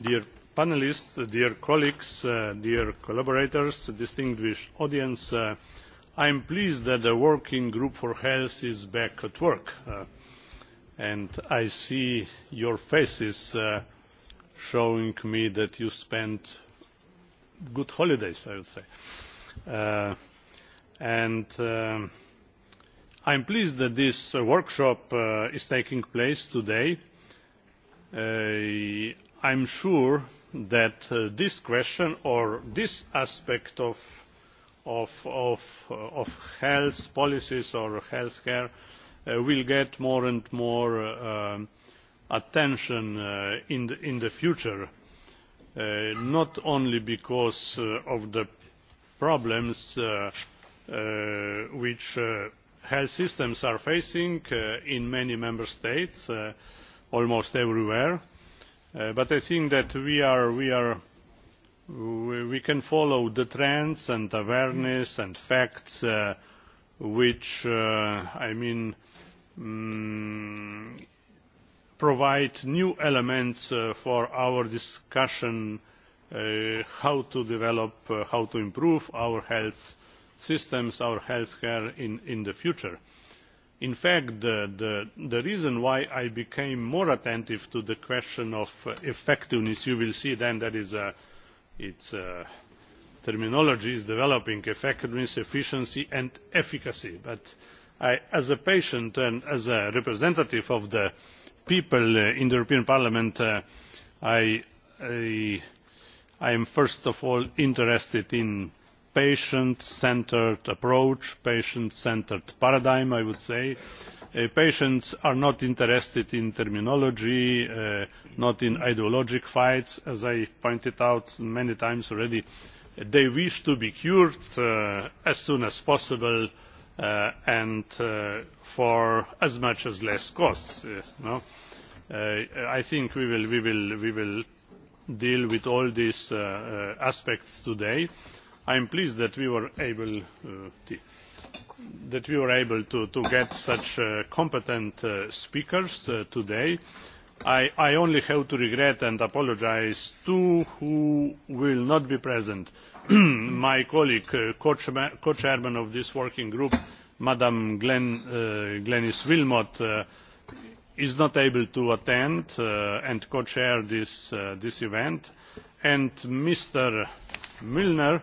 dear panelists, dear colleagues dear collaborators distinguished audience i am pleased that the working group for health is back at work and i see your faces uh showing me that you spent good holidays i would say Uh and i am pleased that this workshop is taking place today. i am sure that this question or this aspect of health policies or health care will get more and more attention in the future not only because of the problems which health systems are facing in many member states almost everywhere but i think that we can follow the trends and awareness and facts which provide new elements for our discussion on how to develop how to improve our health systems our healthcare in, in the future. In fact, the, the, the reason why I became more attentive to the question of effectiveness, you will see then that is a, it's a terminology is developing effectiveness, efficiency and efficacy. But I, as a patient and as a representative of the people in the European Parliament, I, I, I am first of all interested in patient centred approach patient centred paradigm i would say. patients are not interested in terminology not in ideological fights as i pointed out many times already. they wish to be cured as soon as possible and for as much as less costs. i think we will deal with all these aspects today i am pleased that we were able to get such competent speakers today. i only have to regret and apologise to who will not be present my colleague co chairman of this working group ms glenis willmott is not able to attend and co chair this event and mr milner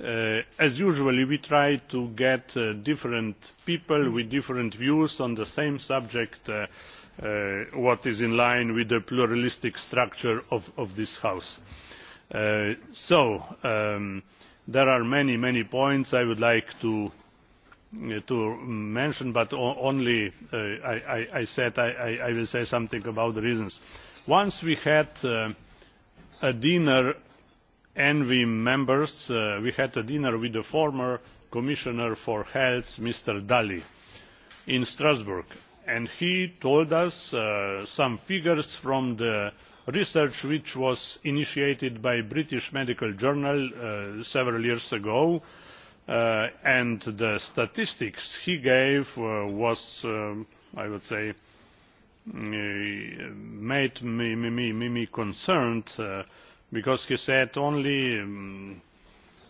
as usual we try to get different people with different views on the same subject what is in line with the pluralistic structure of this house. so there are many many points i would like to mention but only i said i will say something about the reasons. once we had a dinner envi members we had a dinner with the former commissioner for health mr dalli in strasbourg and he told us some figures from the research which was initiated by a british medical journal several years ago and the statistics he gave was i would say made me concerned because he said only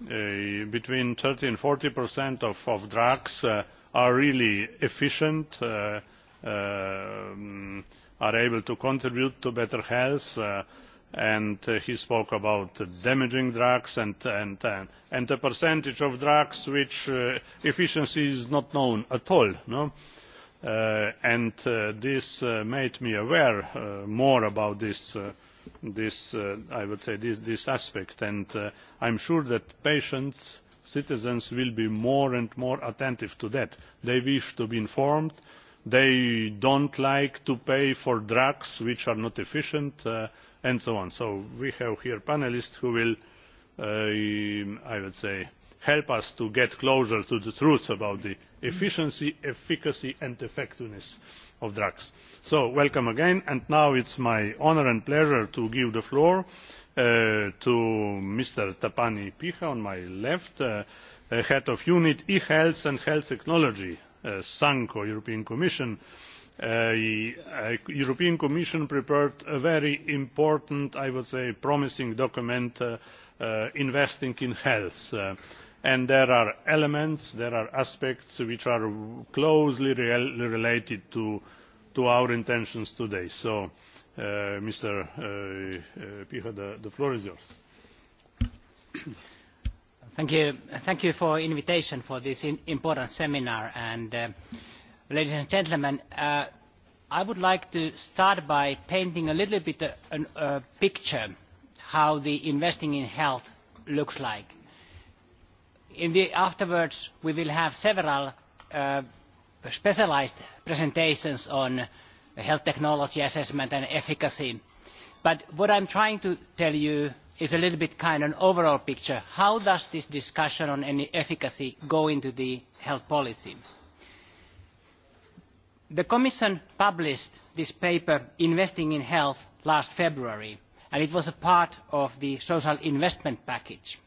between thirty and 40% of, of drugs are really efficient, are able to contribute to better health, and he spoke about damaging drugs and, and, and the percentage of drugs which efficiency is not known at all. No? and this made me aware more about this this i would say this aspect and i am sure that patients citizens will be more and more attentive to that. they wish to be informed they do not like to pay for drugs which are not efficient and so on. so we have here panellists who will i would say help us to get closer to the truth about the efficiency efficacy and effectiveness of drugs. so welcome again and now it is my honour and pleasure to give the floor to mr tapani piha on my left head of unit e health and health technology sanco european commission. the european commission prepared a very important i would say promising document investing in health' and there are elements there are aspects which are closely related to our intentions today. so mr pieper the floor is yours. thank you for the invitation for this important seminar and ladies and gentlemen i would like to start by painting a little bit of a picture of how investing in health looks like in the afterwards we will have several specialised presentations on health technology assessment and efficacy. But what I am trying to tell you is a little bit kind of an overall picture. How does this discussion on any efficacy go into the health policy? The Commission published this paper, Investing in Health, last February, and it was a part of the social investment package –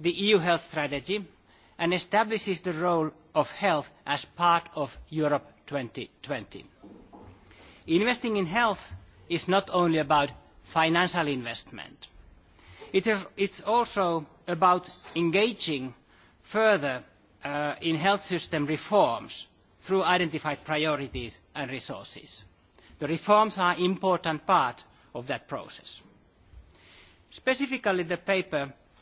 the EU health strategy and establishes the role of health as part of Europe twenty. Investing in health is not only about financial investment. It is also about engaging further in health system reforms through identified priorities and resources. The reforms are an important part of that process. Specifically, the paper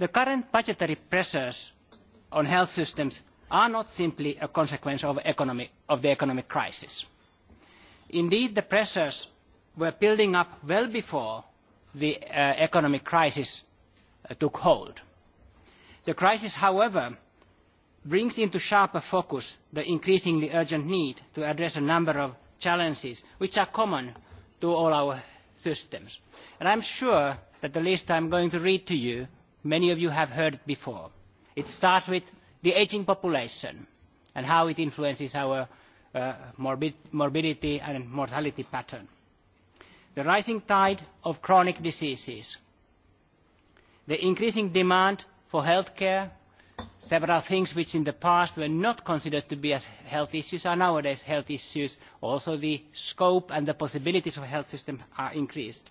the current budgetary pressures on health systems are not simply a consequence of, the economic crisis. Indeed, the pressures were building up well before the economic crisis took hold. The crisis, however, brings into sharper focus the increasingly urgent need to address a number of challenges which are common to all our systems. And am sure that the list I am going to read to you Many of you have heard it before. It starts with the ageing population and how it influences our morbidity and mortality pattern. The rising tide of chronic diseases, the increasing demand for health care, several things which in the past were not considered to be as health issues are nowadays health issues. Also the scope and the possibilities of health systems are increased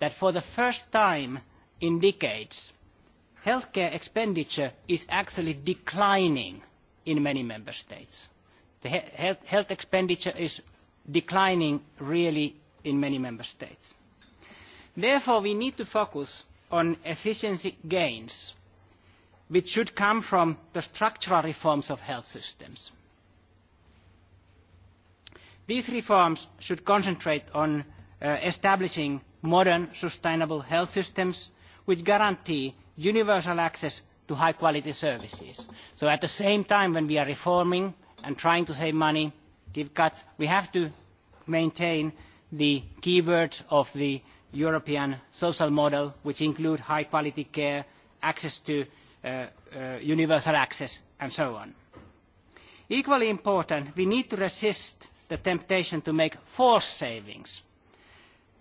that for the first time in decades, healthcare expenditure is actually declining in many member states. The health expenditure is declining really in many member states. Therefore, we need to focus on efficiency gains, which should come from the structural reforms of health systems. These reforms should concentrate on establishing modern sustainable health systems which guarantee universal access to high quality services. So at the same time when we are reforming and trying to save money, give cuts, we have to maintain the keywords of the European social model which include high quality care, access to universal access and so on. Equally important, we need to resist the temptation to make forced savings –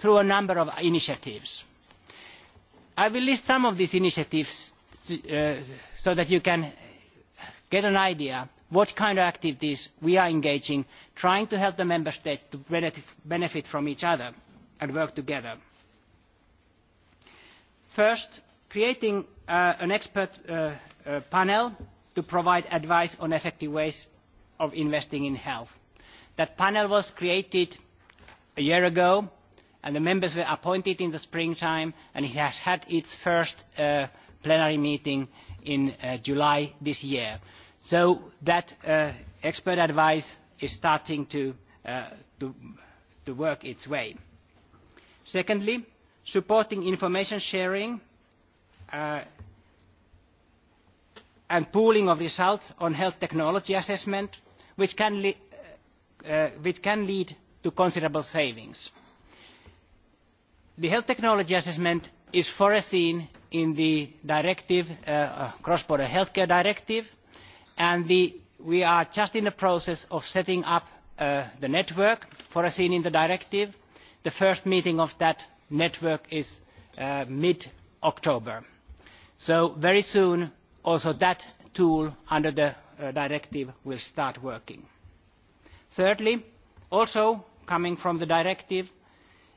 through a number of initiatives. I will list some of these initiatives so that you can get an idea what kind of activities we are engaging, in trying to help the member states to benefit from each other and work together. First, creating an expert panel to provide advice on effective ways of investing in health. That panel was created a year ago and the members were appointed in the springtime and it has had its first plenary meeting in July this year. So that expert advice is starting to, work its way. Secondly, supporting information sharing and pooling of results on health technology assessment, which can lead to considerable savings the health technology assessment is foreseen in the directive, cross-border healthcare directive, and we are just in the process of setting up the network foreseen in the directive. The first meeting of that network is mid-October. So very soon, also that tool under the directive will start working. Thirdly, also coming from the directive,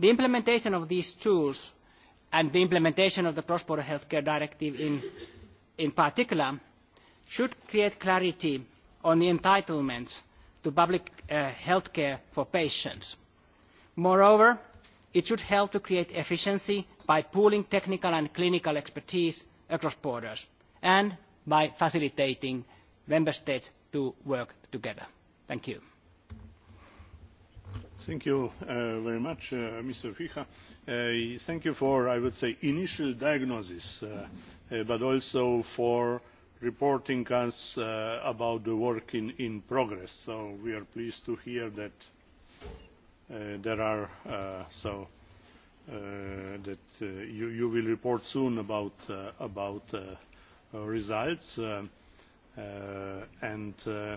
The implementation of these tools and the implementation of the cross-border healthcare directive in, particular should create clarity on the entitlements to public health care for patients. Moreover, it should help to create efficiency by pooling technical and clinical expertise across borders and by facilitating member states to work together. Thank you. Thank you very much, Mr. Fija. Thank you for, I would say, initial diagnosis, but also for reporting us uh about the work in in progress. So we are pleased to hear that uh there are uh so uh that uh you you will report soon about uh uh about results. uh And uh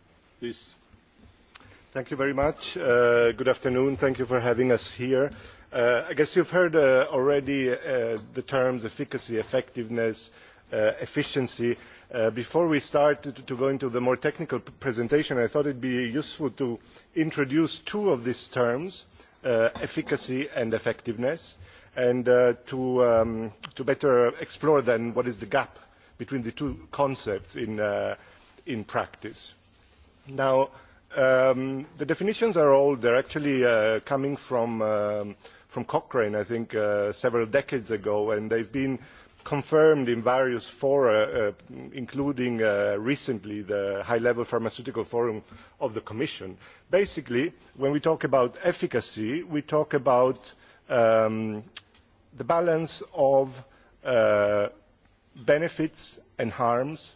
Thank you very much. Good afternoon. Thank you for having us here. I guess you have heard already the terms efficacy, effectiveness, efficiency. Before we start to go into the more technical presentation, I thought it would be useful to introduce two of these terms, efficacy and effectiveness, and to better explore then what is the gap between the two concepts in practice Now, um, the definitions are old. They're actually uh, coming from, um, from Cochrane, I think, uh, several decades ago, and they've been confirmed in various fora, including recently the High Level Pharmaceutical Forum of the Commission. Basically, when we talk about efficacy, we talk about the balance of benefits and harms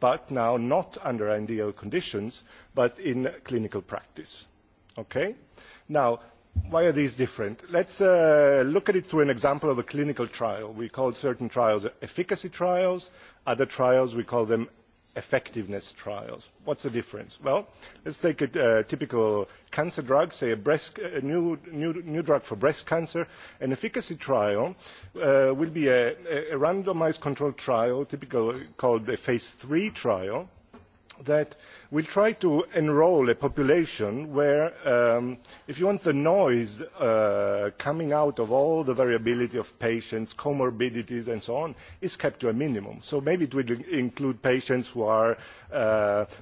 but now not under NDO conditions, but in clinical practice. Okay? Now, why are these different? Let's uh, look at it through an example of a clinical trial. We call certain trials efficacy trials. Other trials, we call them effectiveness trials. What's the difference? Well, let's take a typical cancer drug, say a, breast, a new, new, new drug for breast cancer. An efficacy trial will be a, randomised controlled trial, typically called a phase three trial, that we will try to enrol a population where if you want the noise coming out of all the variability of patients comorbidities and so on is kept to a minimum so maybe it will include patients who are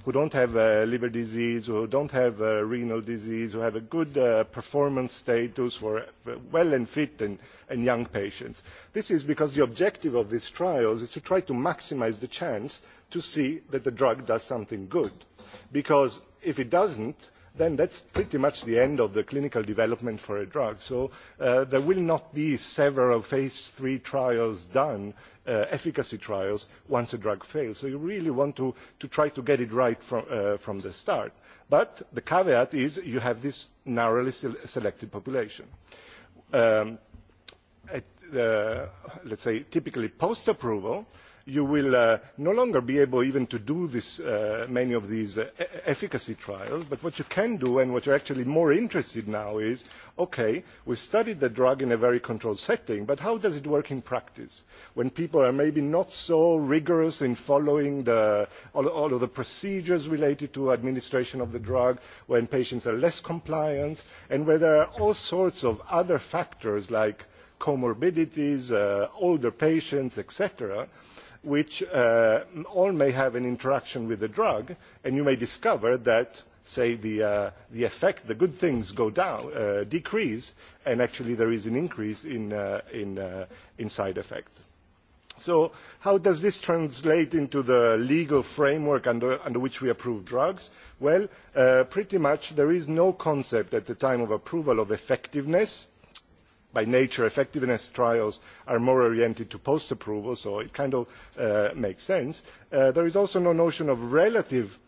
who don't have liver disease who don't have renal disease who have a good performance status who are well and fit and young patients. this is because the objective of these trials is to try to maximise the chance to see that the drug does something good because if it does not then that is pretty much the end of the clinical development for a drug so there will not be several phase three trials done efficacy trials once a drug fails so you really want to try to get it right from the start but the caveat is you have this narrowly selected population. let us say typically post approval you will no longer be able even to do many of these efficacy trials but what you can do and what you are actually more interested in now is ok we studied the drug in a very controlled setting but how does it work in practice when people are maybe not so rigorous in following all of the procedures related to administration of the drug when patients are less compliant and where there are all sorts of other factors like comorbidities older patients etc which all may have an interaction with the drug and you may discover that say the effect the good things go down decrease and actually there is an increase in side effects. so how does this translate into the legal framework under which we approve drugs? well pretty much there is no concept at the time of approval of effectiveness by nature effectiveness trials are more oriented to post approval so it kind of makes sense there is also no notion of relative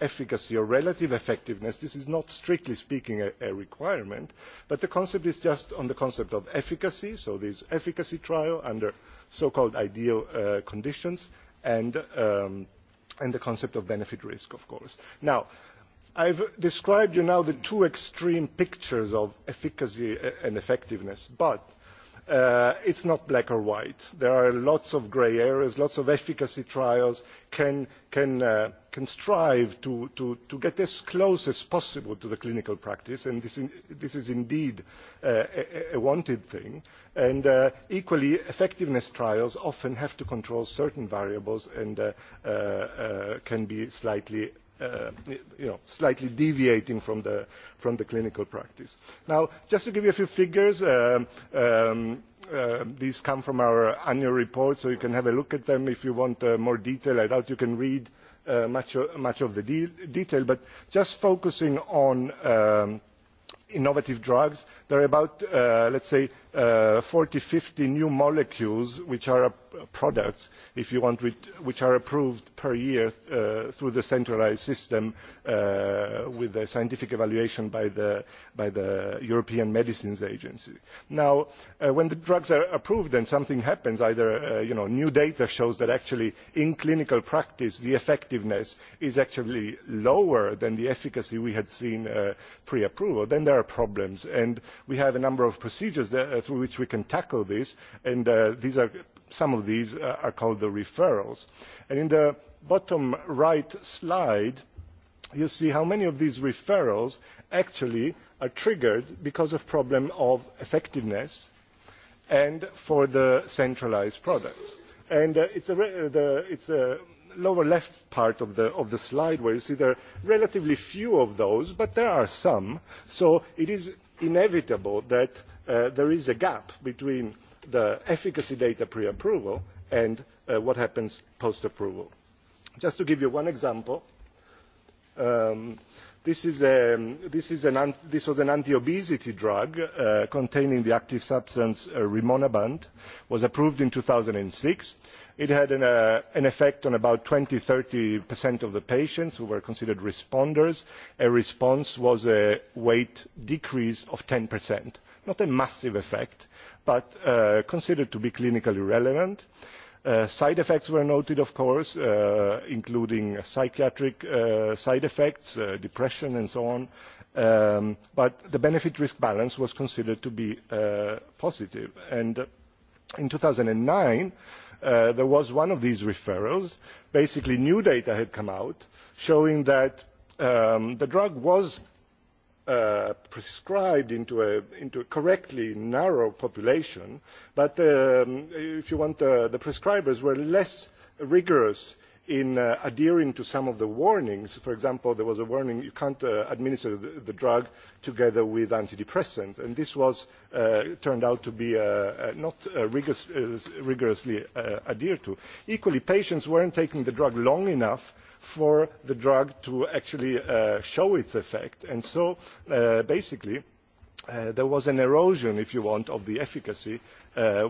efficacy or relative effectiveness this is not strictly speaking a requirement but the concept is just on the concept of efficacy so is efficacy trial under so called ideal conditions and the concept of benefit risk of course i have described to you now the two extreme pictures of efficacy and effectiveness but it is not black or white. there are lots of grey areas lots of efficacy trials can strive to get as close as possible to the clinical practice and this is indeed a wanted thing and equally effectiveness trials often have to control certain variables and can be slightly slightly deviating from the, from the clinical practice. Now, just to give you a few figures, these come from our annual report, so you can have a look at them if you want more detail. I doubt you can read much, of the de detail, but just focusing on innovative drugs, there are about, uh, let's say, uh, 40, 50 new molecules which are products if you want which are approved per year through the centralised system with a scientific evaluation by the european medicines agency. now when the drugs are approved and something happens either new data shows that actually in clinical practice the effectiveness is actually lower than the efficacy we had seen pre approval then there are problems and we have a number of procedures through which we can tackle this and these are some of these are called the referrals. And in the bottom right slide, you see how many of these referrals actually are triggered because of problems of effectiveness and for the centralised products. It is a the, lower left part of the, slide where you see there are relatively few of those, but there are some. So it is inevitable that there is a gap between the efficacy data pre approval and what happens post approval. just to give you one example this was an anti obesity drug containing the active substance rimonabant. it was approved in two thousand and six it had an effect on about twenty thirty of the patients who were considered responders a response was a weight decrease of ten not a massive effect but considered to be clinically relevant. side effects were noted of course including psychiatric side effects depression and so on but the benefit risk balance was considered to be positive and in two thousand and nine there was one of these referrals. basically new data had come out showing that the drug was prescribed into a correctly narrow population but if you want the prescribers were less rigorous in adhering to some of the warnings for example there was a warning you cannot administer the drug together with antidepressants and this turned out to be not rigorously adhered to. equally patients were not taking the drug long enough for the drug to actually show its effect and so basically there was an erosion if you want of the efficacy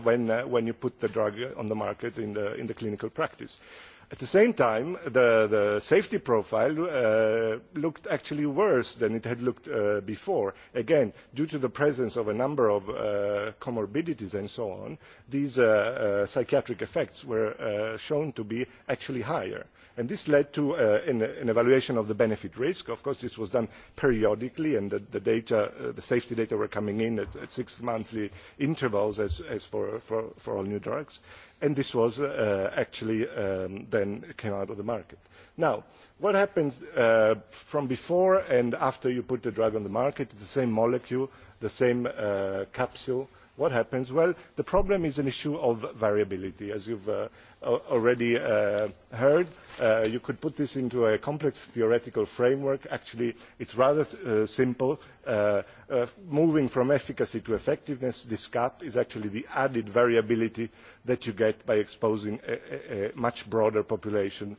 when you put the drug on the market in clinical practice at the same time the safety profile looked actually worse than it had looked before again due to the presence of a number of comorbidities and so on these psychiatric effects were shown to be actually higher and this led to an evaluation of the benefit risk of course this was done periodically and the safety data were coming in at six monthly intervals as for all new drugs and this was actually then came out of the market. now what happens from before and after you put the drug on the market is the same molecule the same capsule what happens? well the problem is an issue of variability as you have already heard. you could put this into a complex theoretical framework. actually it is rather simple. moving from efficacy to effectiveness this gap is actually the added variability that you get by exposing a much broader population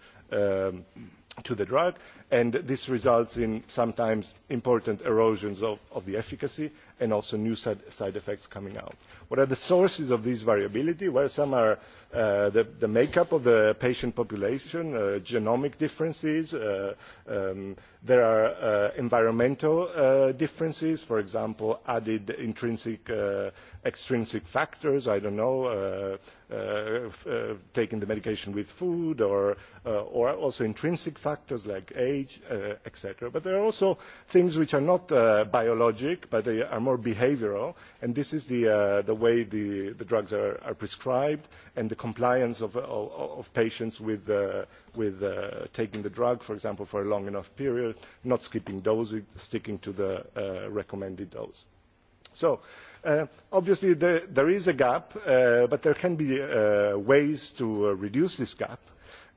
to the drug and this results in sometimes important erosions of the efficacy and also new side effects coming out. What are the sources of this variability? Well, some are the, the up of the patient population, genomic differences, there are environmental differences, for example, added intrinsic, extrinsic factors, I don't know, taking the medication with food or, or also intrinsic factors like age, etc. But there are also things which are not biologic, but they are more behavioural, and this is the, uh, the way the, the drugs are, are prescribed and the compliance of, of, of patients with, uh, with uh, taking the drug, for example, for a long enough period, not skipping doses, sticking to the uh, recommended dose. So obviously there, there is a gap, but there can be ways to reduce this gap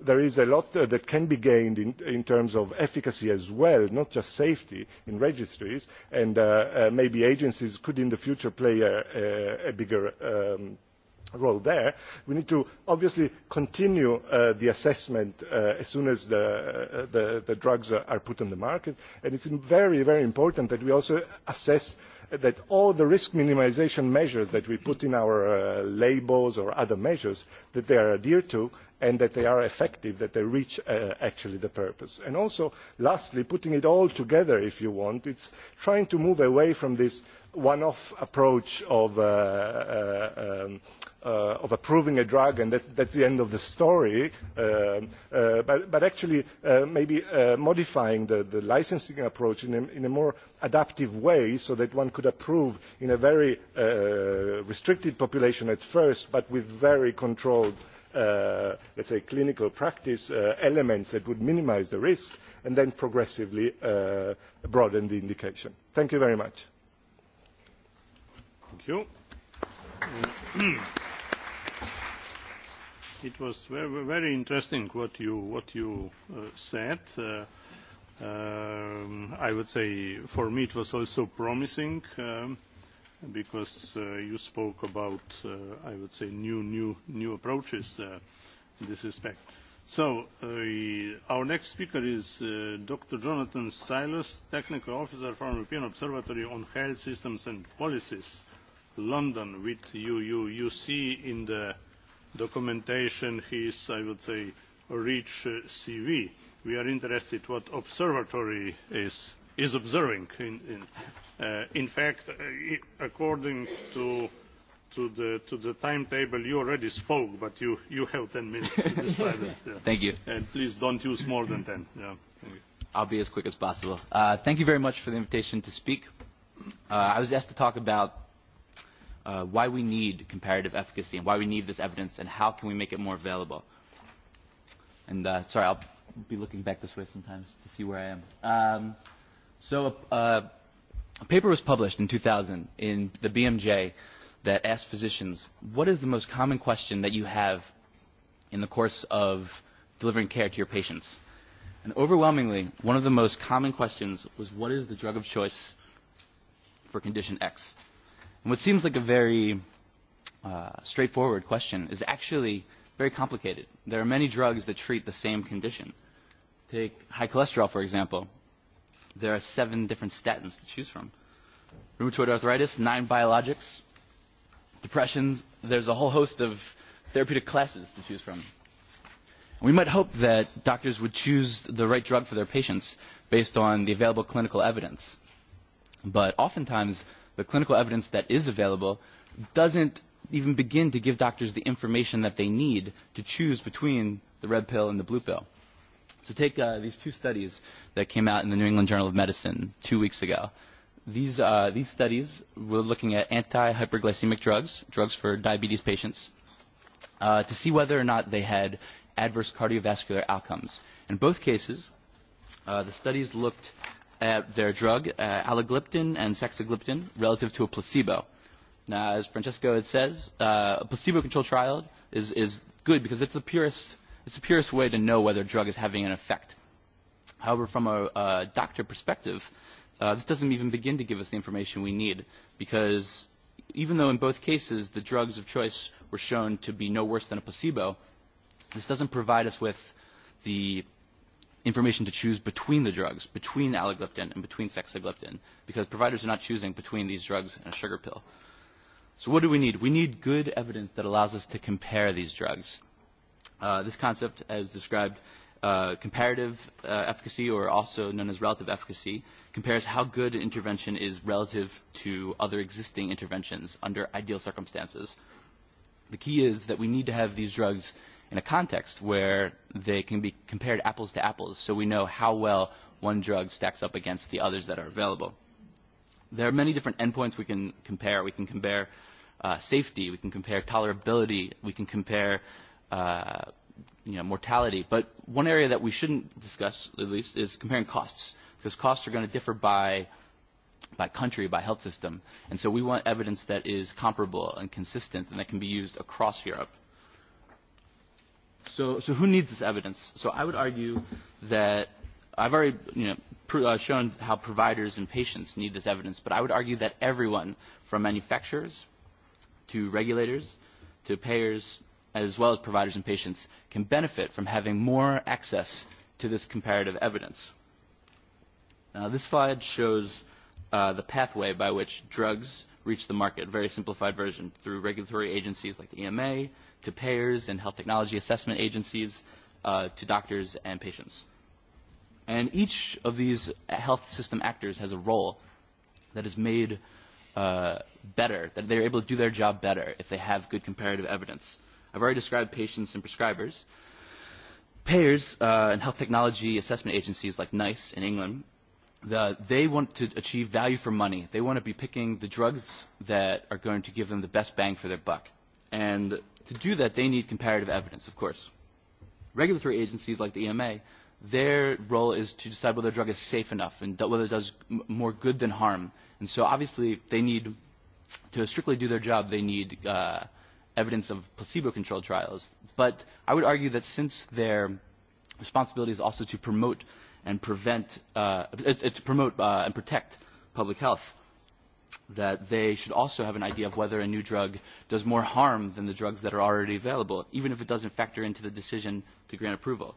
there is a lot that can be gained in terms of efficacy as well not just safety in registries and maybe agencies could in the future play a bigger role there. we need to obviously continue the assessment as soon as the drugs are put on the market and it is very important that we also assess that all the risk minimisation measures that we put in our labels or other measures that they are adhered to and that they are effective that they reach actually the purpose. and also lastly putting it all together if you want it is trying to move away from this one off approach of approving a drug and that is the end of the story but actually maybe modifying the licensing approach in a more adaptive way so that one could approve in a very restricted population at first but with very controlled let us say clinical practice elements that would minimise the risk and then progressively broaden the indication. thank you very much. it was very interesting what you said. i would say for me it was also promising because you spoke about, I would say, new approaches in this respect. So Our next speaker is Dr. Jonathan Silas, Technical Officer from European Observatory on Health Systems and Policies, London, with you. You see in the documentation his, I would say, rich CV. We are interested what observatory is observing in in fact according to the timetable you already spoke but you have ten minutes to describe it. thank you. and please don't use more than ten. Yeah. i'll be as quick as possible. Uh thank you very much for the invitation to speak. Uh i was asked to talk about uh why we need comparative efficacy and why we need this evidence and how can we make it more available. And uh, sorry, I'll be looking back this way sometimes to see where I am. Um, so uh, A paper was published in 2000 in the BMJ that asked physicians, what is the most common question that you have in the course of delivering care to your patients? And overwhelmingly, one of the most common questions was, what is the drug of choice for condition X? And what seems like a very uh, straightforward question is actually very complicated. There are many drugs that treat the same condition. Take high cholesterol, for example there are seven different statins to choose from. Rheumatoid arthritis, nine biologics. Depressions, there's a whole host of therapeutic classes to choose from. We might hope that doctors would choose the right drug for their patients based on the available clinical evidence. But oftentimes, the clinical evidence that is available doesn't even begin to give doctors the information that they need to choose between the red pill and the blue pill. So take uh, these two studies that came out in the New England Journal of Medicine two weeks ago. These, uh, these studies were looking at anti-hyperglycemic drugs, drugs for diabetes patients, uh, to see whether or not they had adverse cardiovascular outcomes. In both cases, uh, the studies looked at their drug, uh, allogliptin and sexagliptin, relative to a placebo. Now, as Francesco had says, uh, a placebo-controlled trial is, is good because it's the purest It's the purest way to know whether a drug is having an effect. However, from a, a doctor perspective, uh, this doesn't even begin to give us the information we need because even though in both cases the drugs of choice were shown to be no worse than a placebo, this doesn't provide us with the information to choose between the drugs, between allogliptin and between sexagliptin, because providers are not choosing between these drugs and a sugar pill. So what do we need? We need good evidence that allows us to compare these drugs this concept, as described, uh, comparative uh, efficacy, or also known as relative efficacy, compares how good an intervention is relative to other existing interventions under ideal circumstances. The key is that we need to have these drugs in a context where they can be compared apples to apples so we know how well one drug stacks up against the others that are available. There are many different endpoints we can compare. We can compare uh, safety, we can compare tolerability, we can compare uh, you know, mortality. But one area that we shouldn't discuss, at least, is comparing costs, because costs are going to differ by by country, by health system. And so we want evidence that is comparable and consistent and that can be used across Europe. So, so who needs this evidence? So I would argue that I've already you know, pr- uh, shown how providers and patients need this evidence, but I would argue that everyone, from manufacturers to regulators to payers as well as providers and patients, can benefit from having more access to this comparative evidence. Now, this slide shows uh, the pathway by which drugs reach the market, a very simplified version, through regulatory agencies like the EMA, to payers and health technology assessment agencies, uh, to doctors and patients. And each of these health system actors has a role that is made uh, better, that they're able to do their job better if they have good comparative evidence I've already described patients and prescribers. Payers uh, and health technology assessment agencies like NICE in England, the, they want to achieve value for money. They want to be picking the drugs that are going to give them the best bang for their buck. And to do that, they need comparative evidence, of course. Regulatory agencies like the EMA their role is to decide whether a drug is safe enough and whether it does m- more good than harm. And so obviously they need to strictly do their job. They need uh, evidence of placebo-controlled trials. But I would argue that since their responsibility is also to promote and prevent, uh, to promote uh, and protect public health, that they should also have an idea of whether a new drug does more harm than the drugs that are already available, even if it doesn't factor into the decision to grant approval.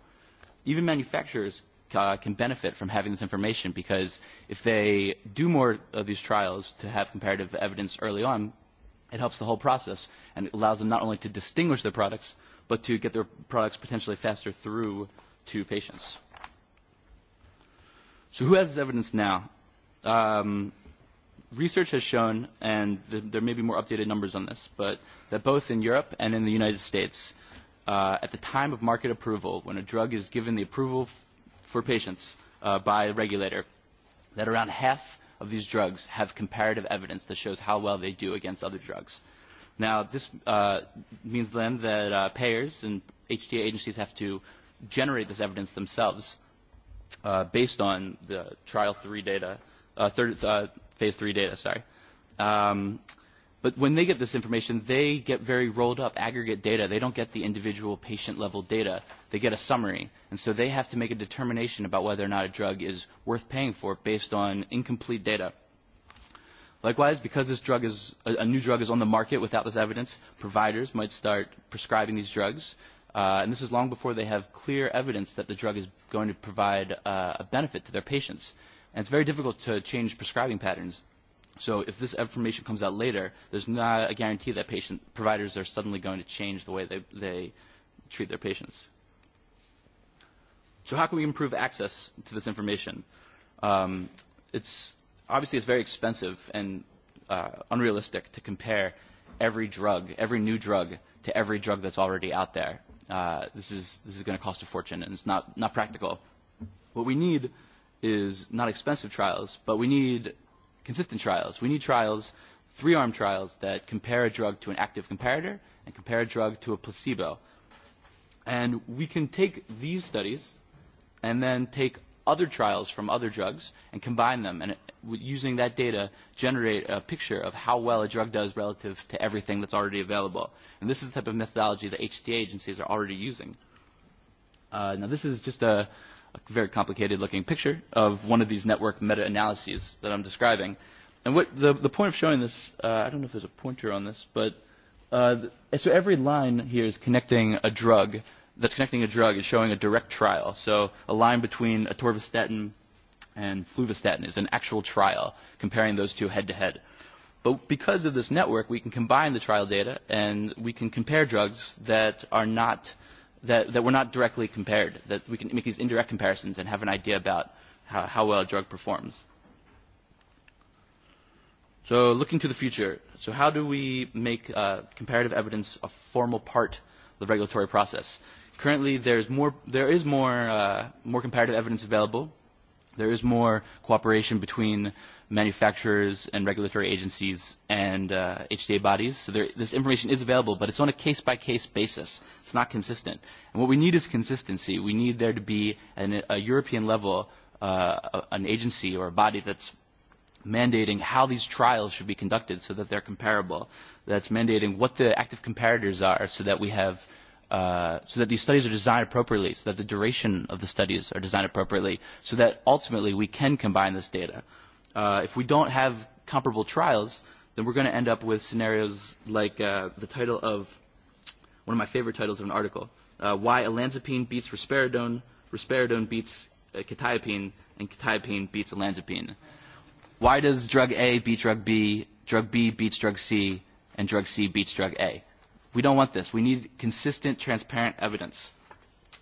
Even manufacturers uh, can benefit from having this information because if they do more of these trials to have comparative evidence early on, it helps the whole process and it allows them not only to distinguish their products, but to get their products potentially faster through to patients. So who has this evidence now? Um, research has shown, and th there may be more updated numbers on this, but that both in Europe and in the United States, uh, at the time of market approval, when a drug is given the approval f for patients uh, by a regulator, that around half of these drugs have comparative evidence that shows how well they do against other drugs. Now, this uh, means then that uh, payers and HTA agencies have to generate this evidence themselves uh, based on the trial three data, uh, third, uh, phase three data, sorry. Um, But when they get this information, they get very rolled up aggregate data. They don't get the individual patient level data. They get a summary. And so they have to make a determination about whether or not a drug is worth paying for based on incomplete data. Likewise, because this drug is, a, a new drug is on the market without this evidence, providers might start prescribing these drugs. Uh, and this is long before they have clear evidence that the drug is going to provide uh, a benefit to their patients. And it's very difficult to change prescribing patterns So if this information comes out later, there's not a guarantee that patient providers are suddenly going to change the way they, they treat their patients. So how can we improve access to this information? Um, it's obviously it's very expensive and uh, unrealistic to compare every drug, every new drug, to every drug that's already out there. Uh, this is this is going to cost a fortune, and it's not not practical. What we need is not expensive trials, but we need consistent trials. We need trials, three-arm trials, that compare a drug to an active comparator and compare a drug to a placebo. And we can take these studies and then take other trials from other drugs and combine them and using that data generate a picture of how well a drug does relative to everything that's already available. And this is the type of methodology that HTA agencies are already using. Uh, now this is just a, very complicated looking picture of one of these network meta-analyses that I'm describing. And what the, the point of showing this, uh, I don't know if there's a pointer on this, but uh, so every line here is connecting a drug that's connecting a drug is showing a direct trial. So a line between atorvastatin and fluvastatin is an actual trial, comparing those two head to head. But because of this network, we can combine the trial data and we can compare drugs that are not that, that we're not directly compared, that we can make these indirect comparisons and have an idea about how, how well a drug performs. So looking to the future, so how do we make uh, comparative evidence a formal part of the regulatory process? Currently, there's more, there is more, uh, more comparative evidence available there is more cooperation between manufacturers and regulatory agencies and uh, HDA bodies. So there, this information is available, but it's on a case-by-case basis. It's not consistent. And what we need is consistency. We need there to be an, a European level, uh, an agency or a body that's mandating how these trials should be conducted so that they're comparable, that's mandating what the active comparators are so that we have – uh, so that these studies are designed appropriately, so that the duration of the studies are designed appropriately, so that ultimately we can combine this data. Uh, if we don't have comparable trials, then we're going to end up with scenarios like uh, the title of one of my favorite titles of an article, uh, Why Olanzapine Beats Risperidone, Risperidone Beats uh, Ketiapine, and Ketiapine Beats Olanzapine. Why does drug A beat drug B, drug B beats drug C, and drug C beats drug A? We don't want this. We need consistent, transparent evidence.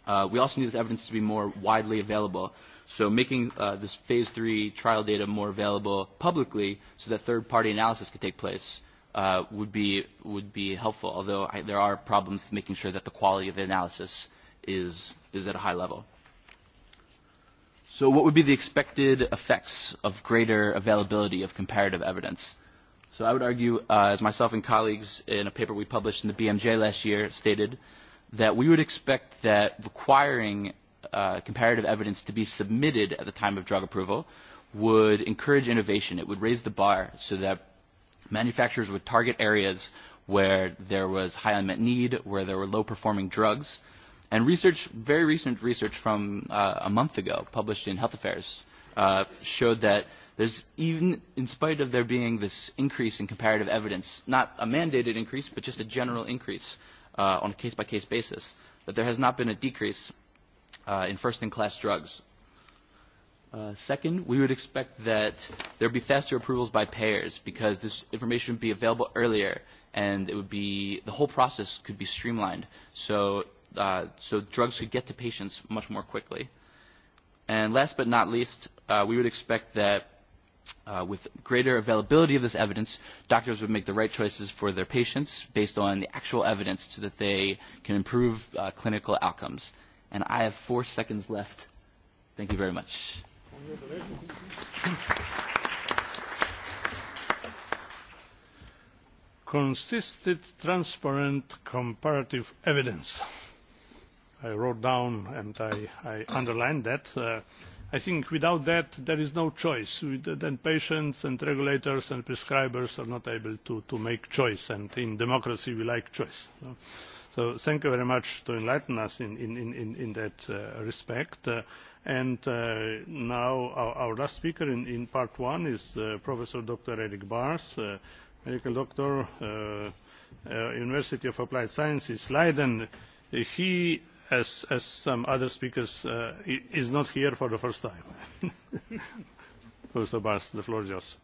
Uh, we also need this evidence to be more widely available. So making uh, this phase three trial data more available publicly so that third-party analysis could take place uh, would be would be helpful. Although I, there are problems making sure that the quality of the analysis is is at a high level. So what would be the expected effects of greater availability of comparative evidence? So I would argue, uh, as myself and colleagues in a paper we published in the BMJ last year stated, that we would expect that requiring uh, comparative evidence to be submitted at the time of drug approval would encourage innovation. It would raise the bar so that manufacturers would target areas where there was high unmet need, where there were low performing drugs. And research, very recent research from uh, a month ago, published in Health Affairs, uh, uh, showed that there's even, in spite of there being this increase in comparative evidence, not a mandated increase, but just a general increase uh, on a case-by-case basis, that there has not been a decrease uh, in first-in-class drugs. Uh, second, we would expect that there would be faster approvals by payers because this information would be available earlier and it would be the whole process could be streamlined so uh, so drugs could get to patients much more quickly. Uh, And last but not least, uh, we would expect that uh, with greater availability of this evidence, doctors would make the right choices for their patients based on the actual evidence so that they can improve uh, clinical outcomes. And I have four seconds left. Thank you very much. Consistent, transparent, comparative evidence I wrote down and I, I underlined that. I think without that, there is no choice. Then patients and regulators and prescribers are not able to, to make choice. And in democracy, we like choice. So thank you very much to enlighten us in, in, in, in that uh, respect. Uh, and uh, now our, our last speaker in, in part one is uh, Professor Dr. Eric Bars, uh, medical doctor, uh, uh, University of Applied Sciences, Leiden. He as some other speakers is not here for the first time. Professor Barnes, the floor is yours.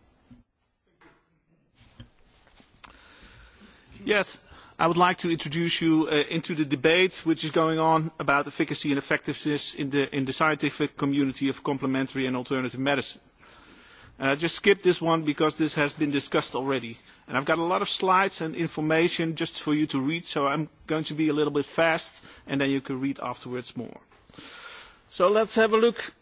Yes, I would like to introduce you into the debate which is going on about efficacy and effectiveness in the in the scientific community of complementary and alternative medicine And I just skipped this one because this has been discussed already. And I've got a lot of slides and information just for you to read, so I'm going to be a little bit fast, and then you can read afterwards more. So let's have a look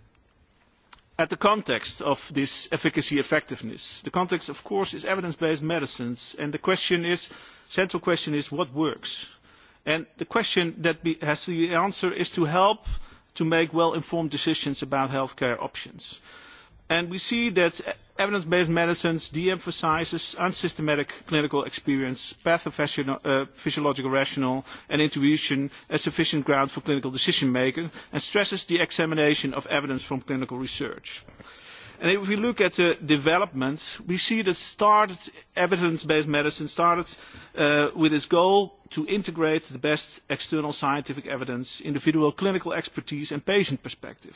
at the context of this efficacy effectiveness. The context, of course, is evidence-based medicines, and the question is, central question is, what works? And the question that be, has to be answered is to help to make well-informed decisions about healthcare options and we see that evidence based medicine de emphasises unsystematic clinical experience pathophysiological rationale and intuition as sufficient grounds for clinical decision making and stresses the examination of evidence from clinical research. if we look at the developments we see that evidence based medicine started with its goal to integrate the best external scientific evidence individual clinical expertise and patient perspective.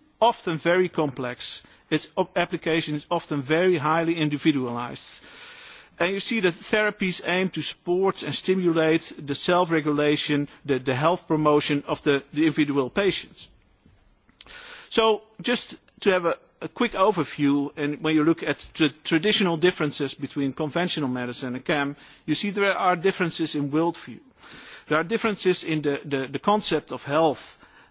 often very complex. Its application is often very highly individualised. And you see that therapies aim to support and stimulate the self-regulation, the, the health promotion of the, individual patients. So just to have a, a quick overview, and when you look at the traditional differences between conventional medicine and CAM, you see there are differences in worldview. There are differences in the, the, the concept of health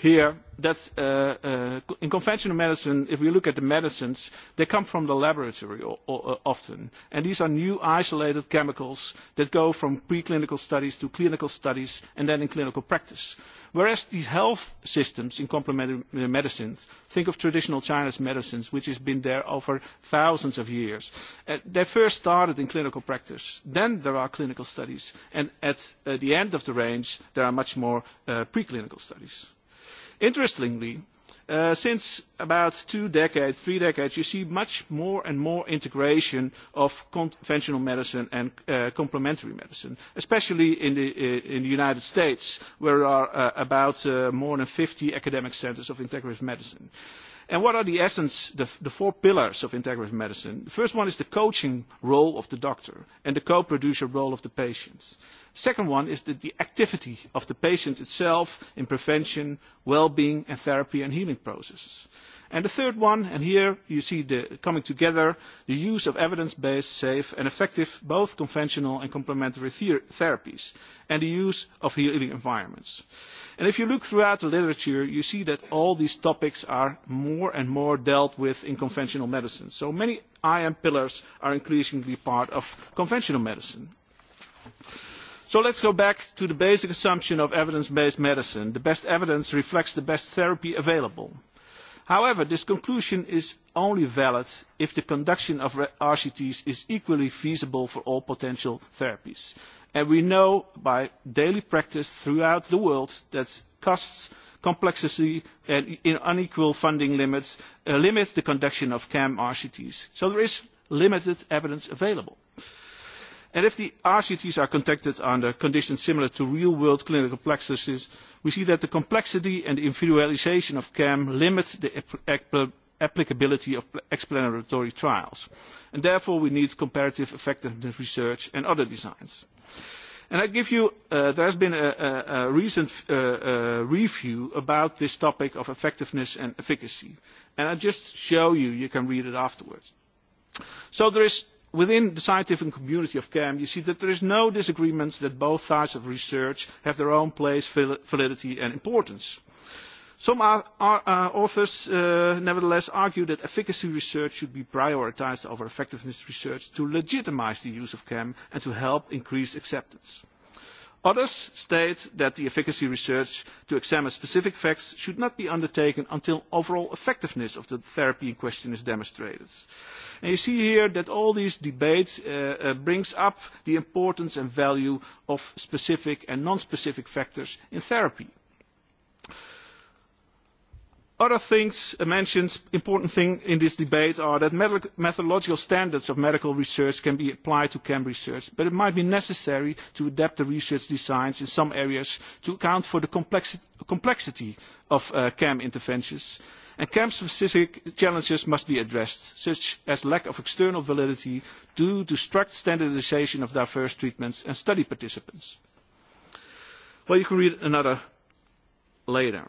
here that in conventional medicine if we look at the medicines they come from the laboratory often and these are new isolated chemicals that go from preclinical studies to clinical studies and then in clinical practice whereas these health systems in complementary medicines think of traditional chinese medicines which has been there over thousands of years they first started in clinical practice then there are clinical studies and at the end of the range there are much more pre preclinical studies Interestingly, uh, since about two decades, three decades, you see much more and more integration of conventional medicine and uh, complementary medicine, especially in the, in the United States, where there are uh, about uh, more than 50 academic centers of integrative medicine. And what are the essence, the, the four pillars of integrative medicine? The first one is the coaching role of the doctor and the co-producer role of the patient The second one is the activity of the patient itself in prevention well-being and therapy and healing processes. and the third one and here you see the coming together the use of evidence-based safe and effective both conventional and complementary therapies and the use of healing environments. if you look throughout the literature you see that all these topics are more and more dealt with in conventional medicine so many im pillars are increasingly part of conventional medicine so let us go back to the basic assumption of evidence based medicine the best evidence reflects the best therapy available. however this conclusion is only valid if the conduction of rcts is equally feasible for all potential therapies and we know by daily practice throughout the world that costs complexity and unequal funding limits limit the conduction of cam rcts so there is limited evidence available. And if the RCTs are conducted under conditions similar to real-world clinical practices, we see that the complexity and individualisation of CAM limit the applicability of explanatory trials. And therefore, we need comparative effectiveness research and other designs. And I give you, uh, been a, a, a recent uh, review about this topic of effectiveness and efficacy. And I just show you, you can read it afterwards. So there is within the scientific community of CAM, you see that there is no disagreement that both types of research have their own place, validity and importance. Some authors, nevertheless, argue that efficacy research should be prioritised over effectiveness research to legitimise the use of CAM and to help increase acceptance. Others state that the efficacy research to examine specific facts should not be undertaken until overall effectiveness of the therapy in question is demonstrated. you see here that all these debates bring up the importance and value of specific and non-specific factors in therapy Other things mentioned, important thing in this debate are that methodological standards of medical research can be applied to CAM research, but it might be necessary to adapt the research designs in some areas to account for the complexity of CAM interventions. And CAM-specific challenges must be addressed, such as lack of external validity due to strict standardisation of diverse treatments and study participants. Well, you can read another later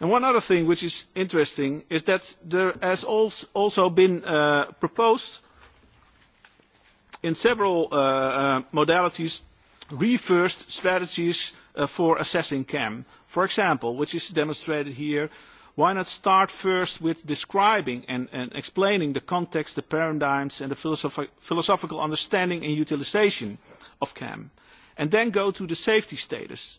one other thing which is interesting is that there has also been proposed in several modalities reversed strategies for assessing CAM. For example, which is demonstrated here, why not start first with describing and, explaining the context, the paradigms and the philosophical understanding and utilisation of CAM, and then go to the safety status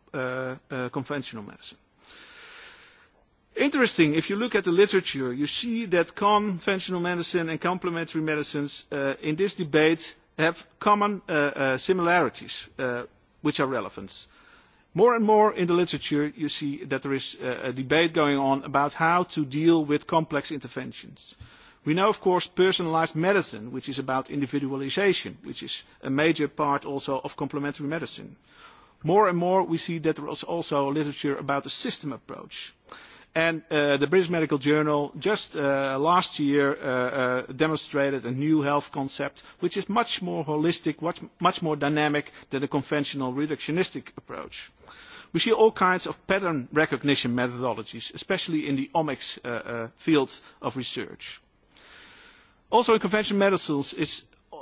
uh, uh, conventional medicine. Interesting, if you look at the literature, you see that conventional medicine and complementary medicines uh, in this debate have common uh, uh, similarities uh, which are relevant. More and more in the literature, you see that there is uh, a debate going on about how to deal with complex interventions. We know, of course, personalised medicine, which is about individualisation, which is a major part also of complementary medicine. More and more, we see that there is also literature about a system approach. And uh, the British Medical Journal just uh, last year uh, uh, demonstrated a new health concept, which is much more holistic, much, much more dynamic than the conventional reductionistic approach. We see all kinds of pattern recognition methodologies, especially in the omics uh, uh, field of research. Also in conventional medicines, it's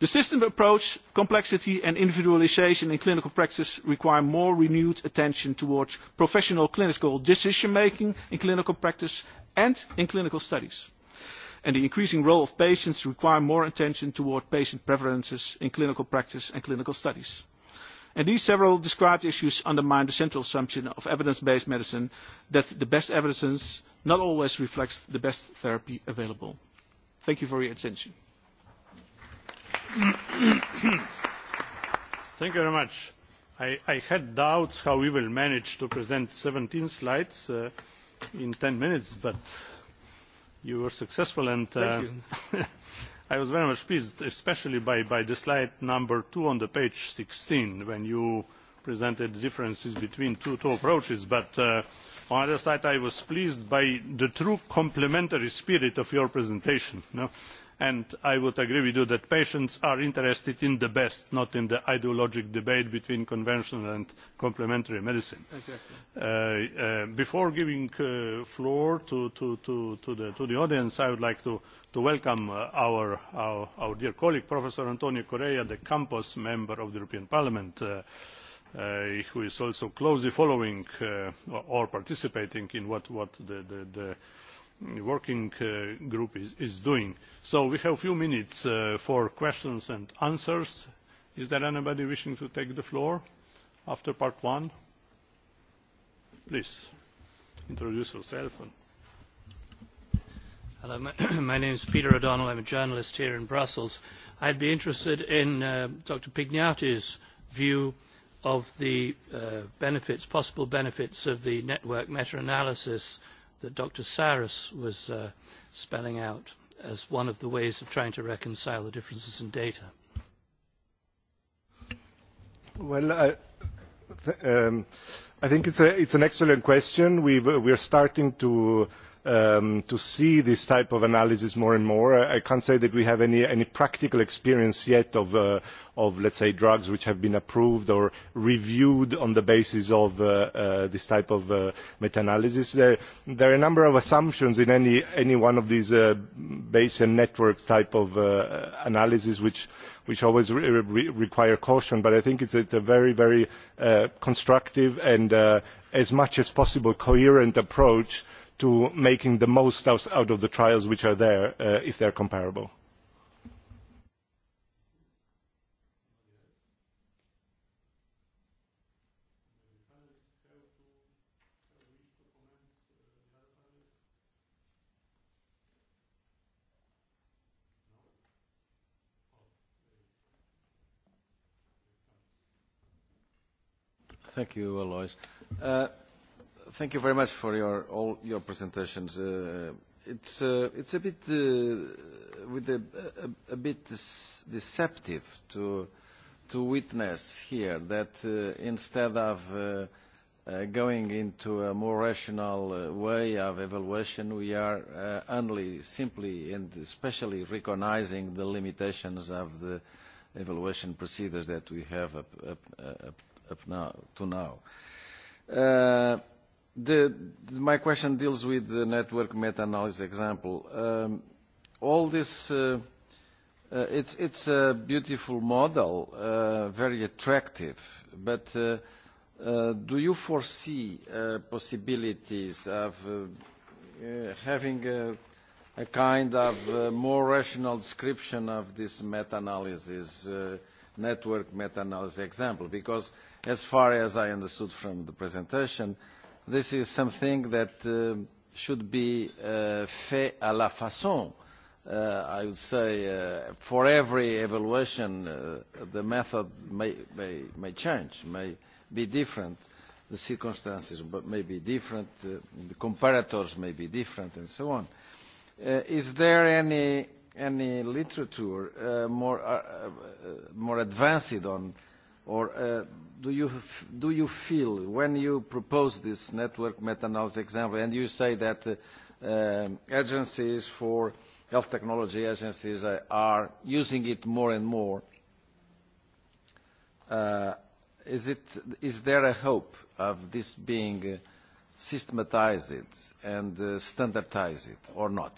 the system approach complexity and individualisation in clinical practice require more renewed attention towards professional clinical decision making in clinical practice and in clinical studies and the increasing role of patients requires more attention towards patient preferences in clinical practice and clinical studies. these several described issues undermine the central assumption of evidence based medicine that the best evidence not always reflects the best therapy available. thank you for your attention. Thank you very much. I, I had doubts how we will manage to present seventeen slides in ten minutes, but you were successful and I was very much pleased, especially by, the slide number two on page sixteen, when you presented the differences between the two approaches. But on the other side, I was pleased by the true complementary spirit of your presentation and i would agree with you that patients are interested in the best not in the ideological debate between conventional and complementary medicine. before giving the floor to the audience i would like to welcome our dear colleague professor antonio correia de campos member of the european parliament who is also closely following or participating in what the working group is doing. so we have a few minutes for questions and answers. is there anybody wishing to take the floor after part one? please introduce yourself. And my name is Peter O'Donnell. I'm a journalist here in Brussels. I'd be interested in uh, Dr. Pignati's view of the uh, benefits, possible benefits of the network meta-analysis uh, that Dr. Saris was uh, spelling out as one of the ways of trying to reconcile the differences in data? Well, I, th um, I think it's, a, it's an excellent question. We've, we're starting to to see this type of analysis more and more. I can't say that we have any, practical experience yet of, let's say, drugs which have been approved or reviewed on the basis of this type of meta-analysis. There, are a number of assumptions in any, any one of these Bayesian network type of analysis which which always re re require caution, but I think it's, it's a very, very constructive and as much as possible coherent approach to making the most out of the trials which are there if they are comparable. Thank you, Alois. Thank you very much for your, all your presentations. Uh, it's, uh, it's a bit, uh, with a, a, a bit deceptive to, to witness here that uh, instead of uh, uh, going into a more rational uh, way of evaluation, we are uh, only simply and especially recognizing the limitations of the evaluation procedures that we have up, up, up, up now, to now. Uh, The, my question deals with the network meta-analysis example. Um, all this, uh, uh, it's, it's a beautiful model, uh, very attractive, but uh, uh, do you foresee uh, possibilities of uh, uh, having a, a kind of a more rational description of this meta-analysis, uh, network meta-analysis example? Because as far as I understood from the presentation, uh, This is something that should be uh fait à la façon, Uh I would say, uh for every evaluation, uh the method may, may, may change, may be different. The circumstances may be different, the comparators may be different, and so on. Uh is there any, any literature uh more, uh uh more advanced on uh, Or do you feel when you propose this network meta-analysis example, and you say that agencies for health technology agencies are using it more and more, is it is there a hope of this being systematized and standardized or not?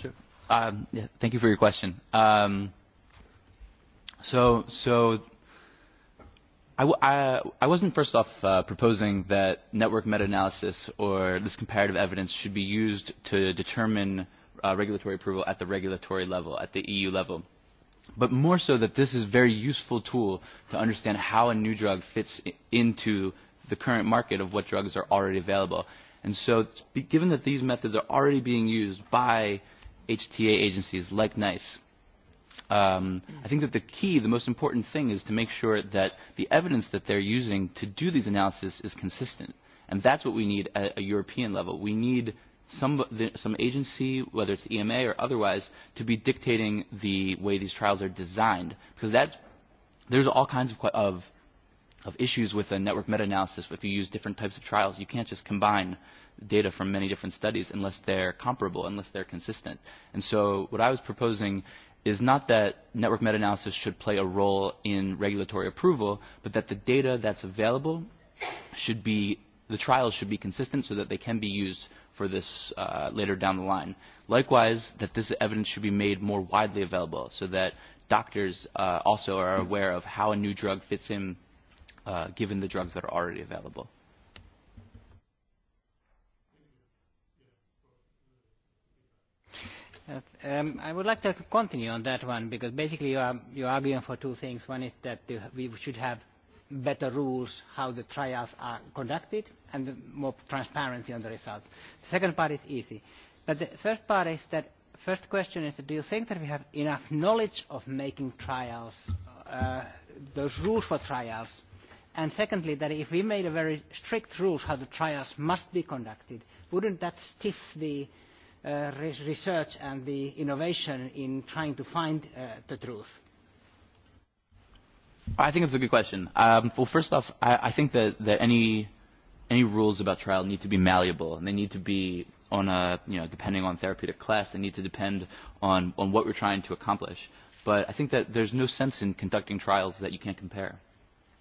Sure. Um, yeah, thank you for your question. Um, So, so I, w I, I wasn't first off uh, proposing that network meta-analysis or this comparative evidence should be used to determine uh, regulatory approval at the regulatory level, at the EU level, but more so that this is a very useful tool to understand how a new drug fits into the current market of what drugs are already available. And so given that these methods are already being used by HTA agencies like NICE, um, I think that the key, the most important thing is to make sure that the evidence that they're using to do these analyses is consistent. And that's what we need at a European level. We need some, the, some agency, whether it's EMA or otherwise, to be dictating the way these trials are designed. Because that's, there's all kinds of, of, of issues with a network meta-analysis if you use different types of trials. You can't just combine data from many different studies unless they're comparable, unless they're consistent. And so what I was proposing is not that network meta-analysis should play a role in regulatory approval, but that the data that's available should be, the trials should be consistent so that they can be used for this uh, later down the line. Likewise, that this evidence should be made more widely available so that doctors uh, also are aware of how a new drug fits in uh, given the drugs that are already available. Um, I would like to continue on that one because basically you are, you're arguing for two things. One is that the, we should have better rules how the trials are conducted and more transparency on the results. The second part is easy. But the first part is that first question is that do you think that we have enough knowledge of making trials, uh, those rules for trials? And secondly, that if we made a very strict rules how the trials must be conducted, wouldn't that stiff the research and the innovation in trying to find the truth? I think it's a good question. Um, well, first off, I, I think that, that any any rules about trial need to be malleable, and they need to be on a you know depending on therapeutic class, they need to depend on on what we're trying to accomplish. But I think that there's no sense in conducting trials that you can't compare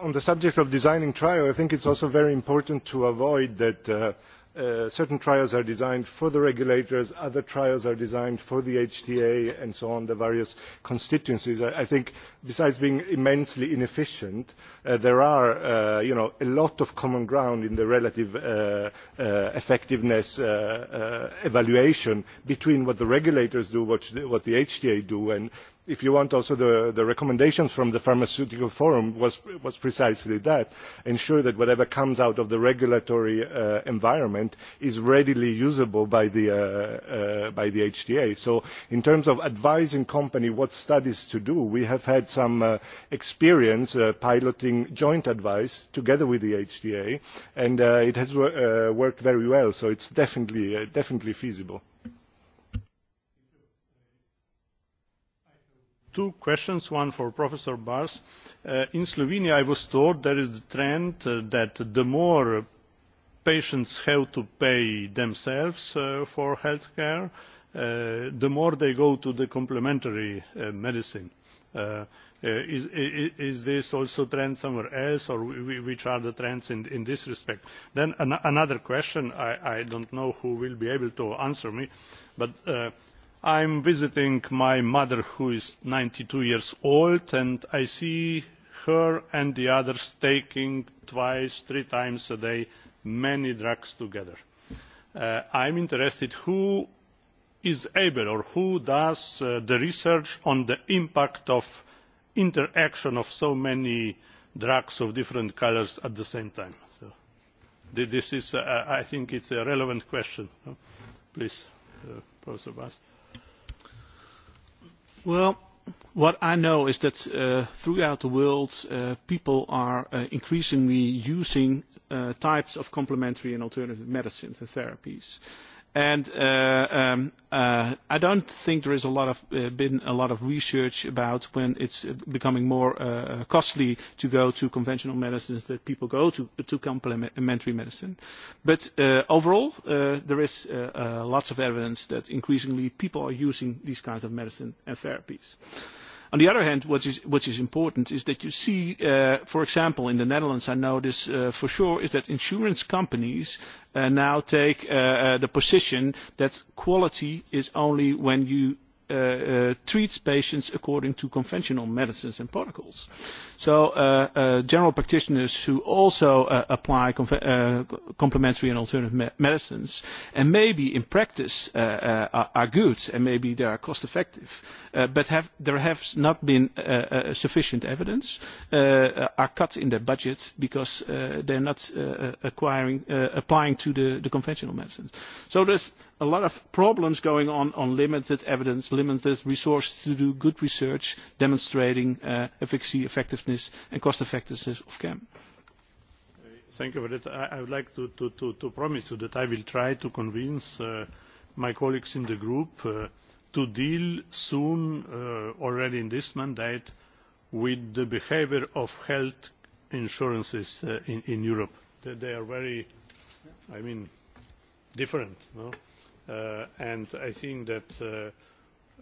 on the subject of designing trials, I think it is also very important to avoid that certain trials are designed for the regulators, other trials are designed for the HTA and so on, the various constituencies. I, think besides being immensely inefficient, there are a lot of common ground in the relative effectiveness evaluation between what the regulators do, what, what the HTA does and if you want also the, the recommendations from the pharmaceutical forum was, precisely that ensure that whatever comes out of the regulatory environment is readily usable by the, HTA. So in terms of advising companies what studies to do, we have had some experience piloting joint advice together with the HTA and it has worked very well. So it is definitely feasible two questions, one for Professor Bars. in Slovenia, I was told there is the trend that the more patients have to pay themselves for health care, the more they go to the complementary medicine. is, this also a trend somewhere else, or which are the trends in, this respect? Then another question, I, I don't know who will be able to answer me, but i am visiting my mother who is ninety two years old and i see her and the others taking twice three times a day many drugs together. i am interested in who is able or who does the research on the impact of the interaction of so many drugs of different colours at the same time. this is i think a relevant question. please professor Well, what I know is that uh, throughout the world, uh, people are uh, increasingly using uh, types of complementary and alternative medicines and therapies. Uh, And uh, um, uh, I don't think there is a lot of uh, been a lot of research about when it's becoming more uh, costly to go to conventional medicines that people go to to complementary medicine. But uh, overall, uh, there is uh, uh, lots of evidence that increasingly people are using these kinds of medicine and therapies. Uh, On the other hand, what is, what is important is that you see, uh, for example, in the Netherlands, I know this uh, for sure, is that insurance companies uh, now take uh, uh, the position that quality is only when you uh treats patients according to conventional medicines and protocols. So uh uh general practitioners who also uh apply uh complementary and alternative medicines and maybe in practice uh uh are good and maybe they are cost effective, uh but have there has not been uh uh sufficient evidence, uh are cut in their budget because uh they're not uh acquiring, uh applying to the, conventional medicines. So there's a lot of problems going on on limited evidence, limited resources to do good research demonstrating uh, efficacy, effectiveness and cost effectiveness of CAM. Thank you for that. I, I would like to, to, to, to promise you that I will try to convince uh, my colleagues in the group uh, to deal soon, uh, already in this mandate, with the behaviour of health insurances uh, in, in Europe. They, they are very, I mean, different. No? Uh, and I think that uh,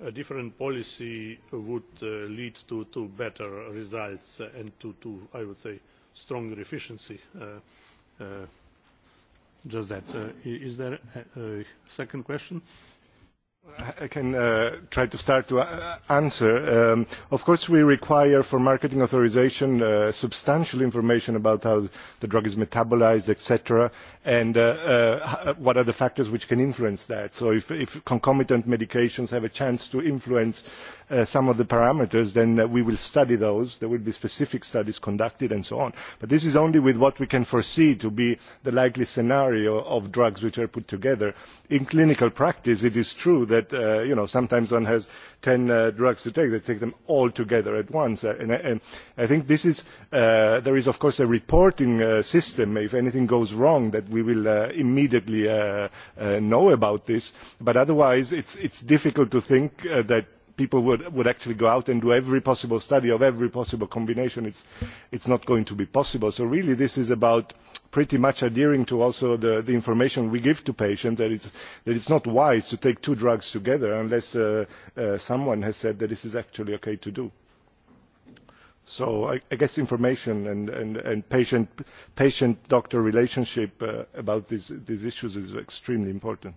a different policy would lead to better results and to i would say stronger efficiency. just that. is there a second question? I can uh, try to start to uh, answer. Um, of course, we require for marketing authorization uh, substantial information about how the drug is metabolized, etc., and uh, uh, what are the factors which can influence that. So if, if concomitant medications have a chance to influence uh, some of the parameters, then uh, we will study those. There will be specific studies conducted and so on. But this is only with what we can foresee to be the likely scenario of drugs which are put together. In clinical practice, it is true that uh, you know sometimes one has ten uh, drugs to take they take them all together at once and, and i think this is uh, there is of course a reporting uh, system if anything goes wrong that we will uh, immediately uh, uh, know about this but otherwise it's it's difficult to think uh, that people would, would actually go out and do every possible study of every possible combination, it's, it's not going to be possible. So really this is about pretty much adhering to also the, the information we give to patients that it's, that it's not wise to take two drugs together unless uh, uh, someone has said that this is actually okay to do. So I, I guess information and, and, and patient-doctor patient relationship uh, about these, these issues is extremely important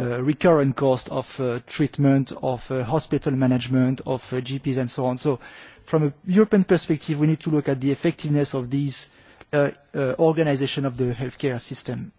recurrent cost of treatment, of hospital management, of GPs and so on. So from a European perspective, we need to look at the effectiveness of these uh, uh, organization of the healthcare system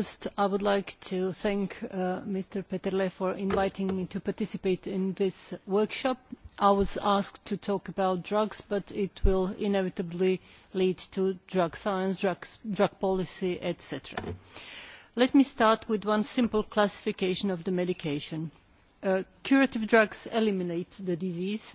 First, I would like to thank Mr. Peterle for inviting me to participate in this workshop. I was asked to talk about drugs, but it will inevitably lead to drug science, drug policy, etc. Let me start with one simple classification of the medication. curative drugs eliminate the disease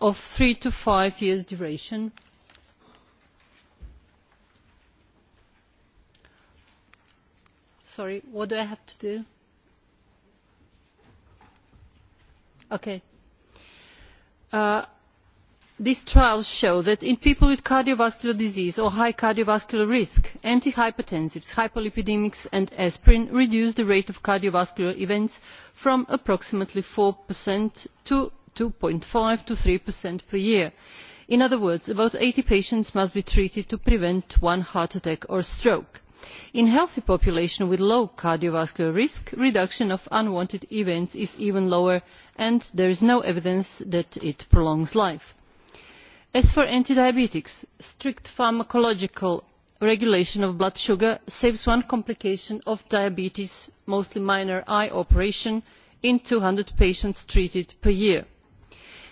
of three to five years duration. Sorry, what do I have to do? Okay. Uh, these trials show that in people with cardiovascular disease or high cardiovascular risk antihypertensives hypolipidemics and aspirin reduce the rate of cardiovascular events from approximately four to two five to three per year. in other words about eighty patients must be treated to prevent one heart attack or stroke. in a healthy population with low cardiovascular risk reduction of unwanted events is even lower and there is no evidence that it prolongs life. as for anti diabetics strict pharmacological regulation of blood sugar saves one complication of diabetes mostly minor eye operation in two hundred patients treated per year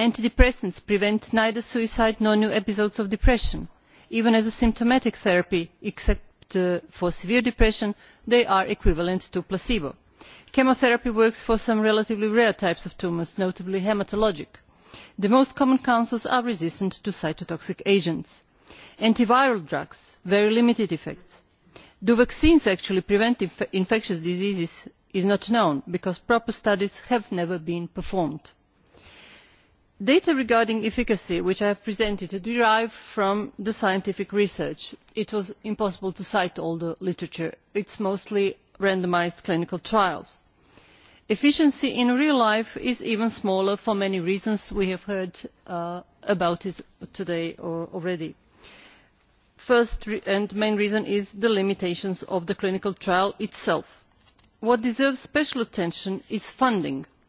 antidepressants prevent neither suicide nor new episodes of depression. even as a symptomatic therapy except for severe depression they are equivalent to placebo. chemotherapy works for some relatively rare types of tumours notably hematologic. the most common cancers are resistant to cytotoxic agents. antiviral drugs have very limited effects. do vaccines actually prevent infectious diseases is not known because proper studies have never been performed data regarding efficacy which i have presented are derived from scientific research. it was impossible to cite all the literature it is mostly randomised clinical trials. efficiency in real life is even smaller for many reasons we have heard about today already. the first and main reason is the limitations of the clinical trial itself. what deserves special attention is funding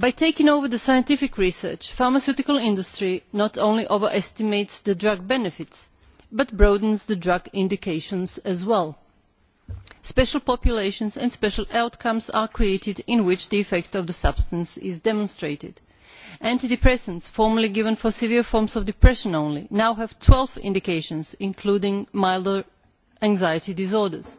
by taking over the scientific research the pharmaceutical industry not only overestimates the drug benefits but broadens the drug indications as well. special populations and special outcomes are created in which the effect of the substance is demonstrated. antidepressants formerly given for severe forms of depression only now have twelve indications including milder anxiety disorders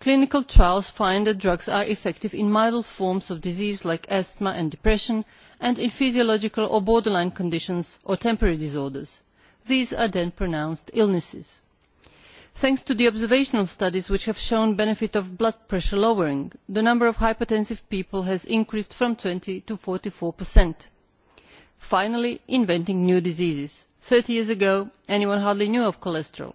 clinical trials find that drugs are effective in mild forms of disease like asthma and depression and in physiological or borderline conditions or temporary disorders. these are then pronounced illnesses. thanks to the observational studies which have shown the benefit of blood pressure lowering the number of hypertensive people has increased from twenty to. forty four finally inventing new diseases. thirty years ago anyone hardly knew of cholesterol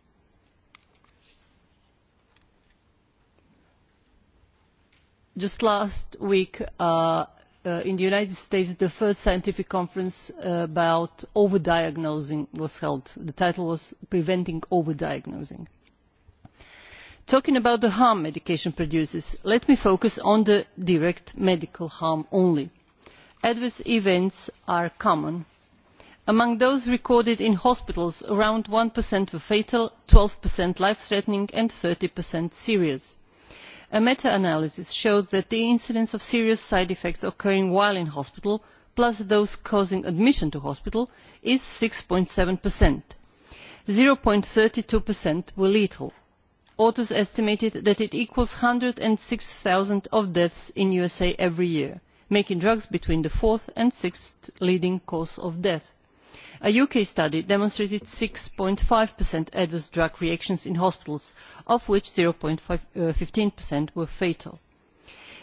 just last week in the United States, the first scientific conference about overdiagnosing was held. The title was Preventing Overdiagnosing. Talking about the harm medication produces, let me focus on the direct medical harm only. Adverse events are common. Among those recorded in hospitals, around one were fatal, twelve life-threatening and thirty serious a meta analysis shows that the incidence of serious side effects occurring while in hospital plus those causing admission to hospital is. six seven zero thirty two were lethal. authors estimated that it equals one hundred and six zero deaths in the usa every year making drugs between the fourth and sixth leading cause of death a uk study demonstrated six five adverse drug reactions in hospitals of which. zero fifteen were fatal.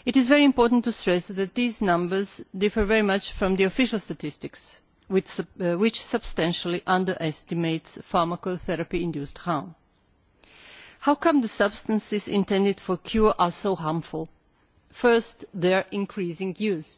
it is very important to stress that these numbers differ very much from the official statistics which substantially underestimates pharmacotherapy induced harm. how come the substances intended for cure are so harmful? first their increasing use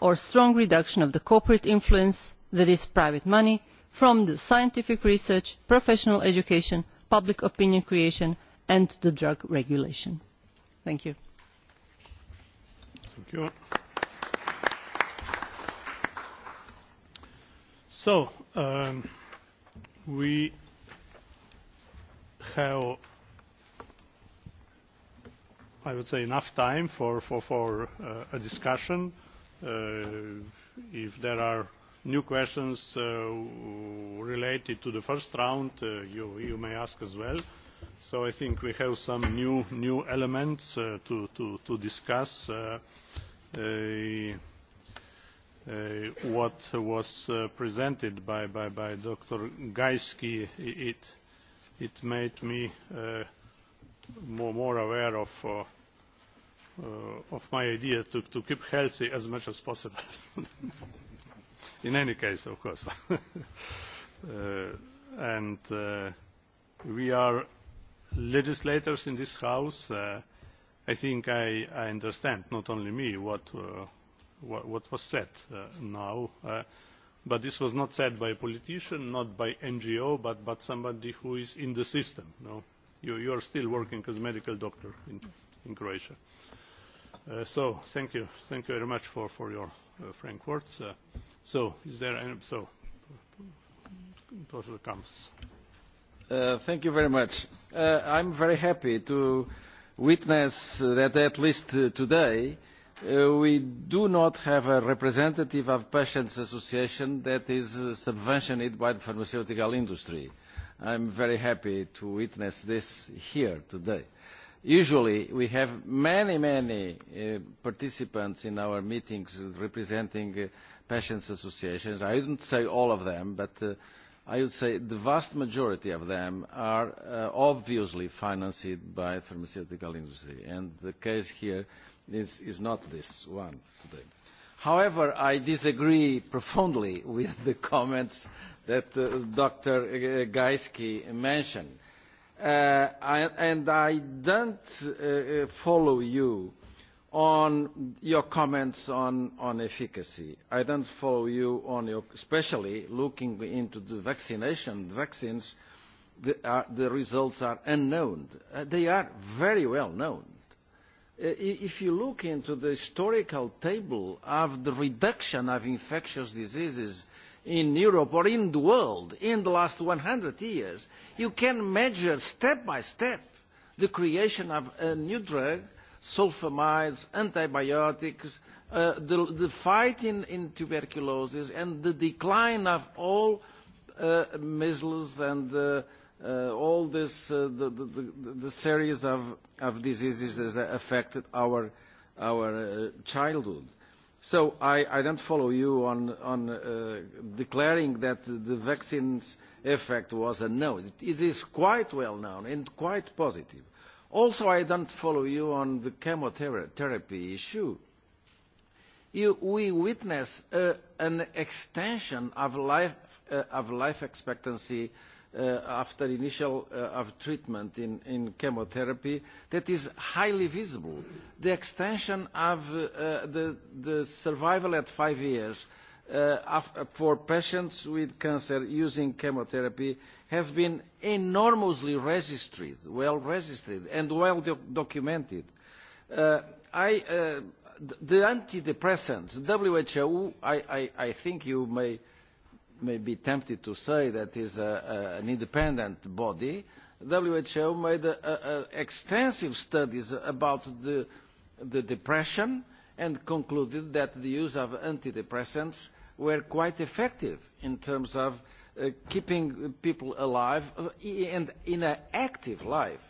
or strong reduction of the corporate influence that is private money from scientific research professional education public opinion creation and the drug regulation. thank you. so we have i would say enough time for a discussion if there are new questions related to the first round, you may ask as well. So I think we have some new elements to discuss what was presented by Dr. Gajski, it made me more aware of of my idea to, to keep healthy as much as possible. In any case, of course. uh, and uh, we are legislators in this House. Uh, I think I, I understand, not only me, what, uh, what, what was said uh, now. Uh, but this was not said by a politician, not by NGO, but, but somebody who is in the system. No? You, you are still working as a medical doctor in, in Croatia. Uh, so thank you thank you very much for for your uh, frank words uh, so is there any so Uh, thank you very much uh, i'm very happy to witness that at least today uh, we do not have a representative of patients association that is uh, subventioned by the pharmaceutical industry i'm very happy to witness this here today uh, usually we have many, many participants in our meetings representing patients' associations. I not say all of them, but I would say the vast majority of them are obviously financed by the pharmaceutical industry. And the case here is, is not this one today. However, I disagree profoundly with the comments that uh, Dr. Gaiski mentioned and I don't follow you on your comments on efficacy. I don't follow you on your, especially looking into the vaccination, the vaccines, the results are unknown. They are very well known. If you look into the historical table of the reduction of infectious diseases in Europe or in the world in the last one hundred years, you can measure step by step the creation of a new drug, sulfamides, antibiotics, the, the fight in, in tuberculosis and the decline of all uh, measles and uh, uh, all this, uh, the, the, the, the series of, of diseases that affected our, our uh, childhood So I, I don't follow you on, on uh, declaring that the vaccine's effect was a It, it is quite well known and quite positive. Also, I don't follow you on the chemotherapy issue. You, we witness uh, an extension of life, uh, of life expectancy uh, uh after initial uh of treatment in in chemotherapy that is highly visible. The extension of uh the the survival at five years uh for patients with cancer using chemotherapy has been enormously registered, well registered and well documented. Uh uh I the antidepressants, WHO, I, I, I think you may may be tempted to say that is a, a, an independent body, WHO made a, a, a extensive studies about the, the depression and concluded that the use of antidepressants were quite effective in terms of uh, keeping people alive and in an active life.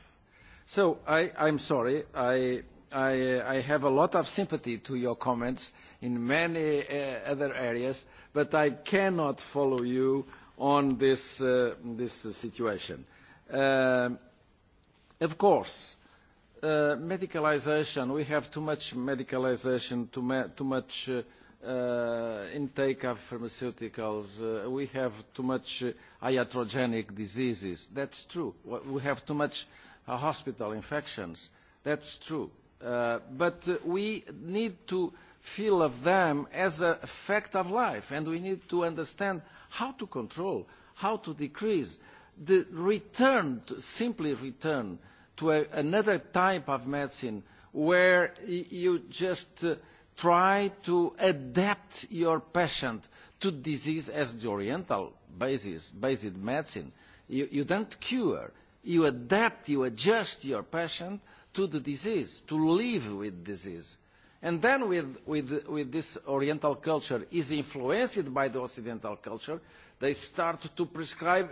So I, I'm sorry, I I, I have a lot of sympathy to your comments in many uh, other areas, but I cannot follow you on this, uh, this uh, situation. Uh, of course, uh, medicalization, we have too much medicalization, too, ma too much uh, uh, intake of pharmaceuticals, uh, we have too much uh, iatrogenic diseases. That's true. We have too much uh, hospital infections. That's true but we need to feel of them as a fact of life, and we need to understand how to control, how to decrease the return, to, simply return to a, another type of medicine where you just uh, try to adapt your patient to disease as the oriental basis, basic medicine. You, you don't cure, you adapt, you adjust your patient to the disease, to live with disease. And then with, with, with this Oriental culture is influenced by the Occidental culture, they start to prescribe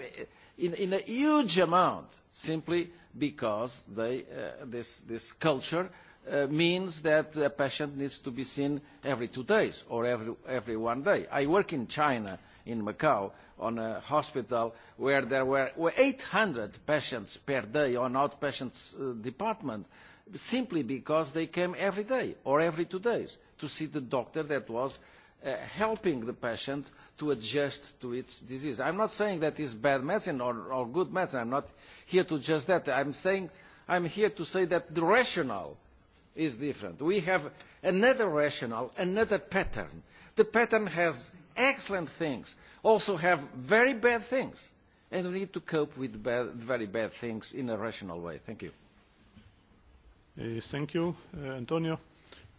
in, in a huge amount simply because they, uh, this, this culture uh, means that a patient needs to be seen every two days or every, every one day. I work in China in Macau on a hospital where there were 800 patients per day on outpatients department simply because they came every day or every two days to see the doctor that was uh helping the patient to adjust to its disease. I'm not saying that is bad medicine or, or good medicine. I'm not here to judge that. I'm saying I'm here to say that the rationale is different. We have another rationale, another pattern. The pattern has excellent things also have very bad things. And we need to cope with bad, very bad things in a rational way. Thank you. Uh, thank you, uh, Antonio.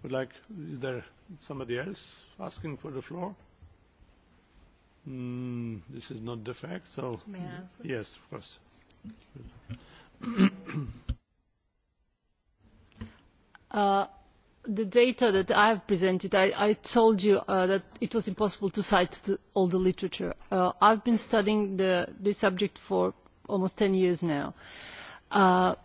Would like, is there somebody else asking for the floor? Mm, this is not the fact, so. May I answer? Yes, of course. uh, the data that I have presented, I, I told you uh, that it was impossible to cite the, all the literature. Uh, I've been studying the, the subject for almost 10 years now. Uh,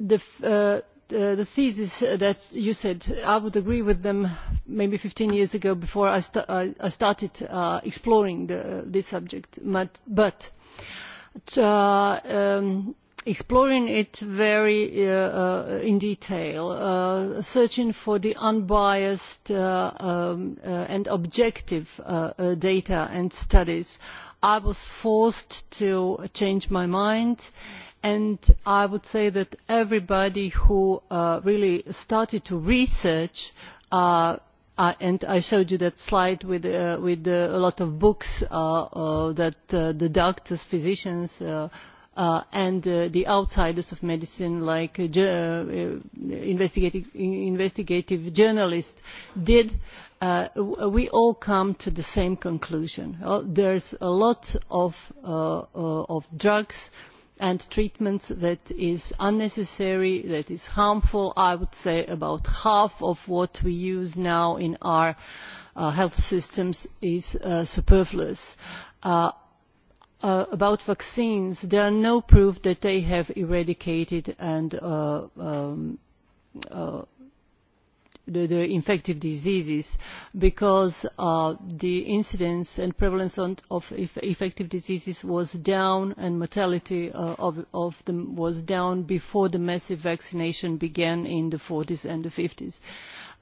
the, uh, the, the thesis that you said, I would agree with them maybe 15 years ago before I, st I, I started uh, exploring the, this subject. But, but uh, um, exploring it very uh, in detail, uh, searching for the unbiased uh, um, uh, and objective uh, uh, data and studies, I was forced to change my mind and I would say that everybody who uh, really started to research uh, uh, and I showed you that slide with, uh, with uh, a lot of books uh, uh, that uh, the doctors, physicians, uh, uh, and uh, the outsiders of medicine like uh, uh, investigative, investigative journalists did, uh, we all come to the same conclusion. Uh, there's a lot of, uh, uh, of drugs and treatments that is unnecessary, that is harmful. I would say about half of what we use now in our uh, health systems is uh, superfluous. Uh, about vaccines, there are no proof that they have eradicated and uh, um, uh, the, the infective diseases because uh, the incidence and prevalence on, of infective diseases was down and mortality uh, of, of them was down before the massive vaccination began in the 40s and the 50s.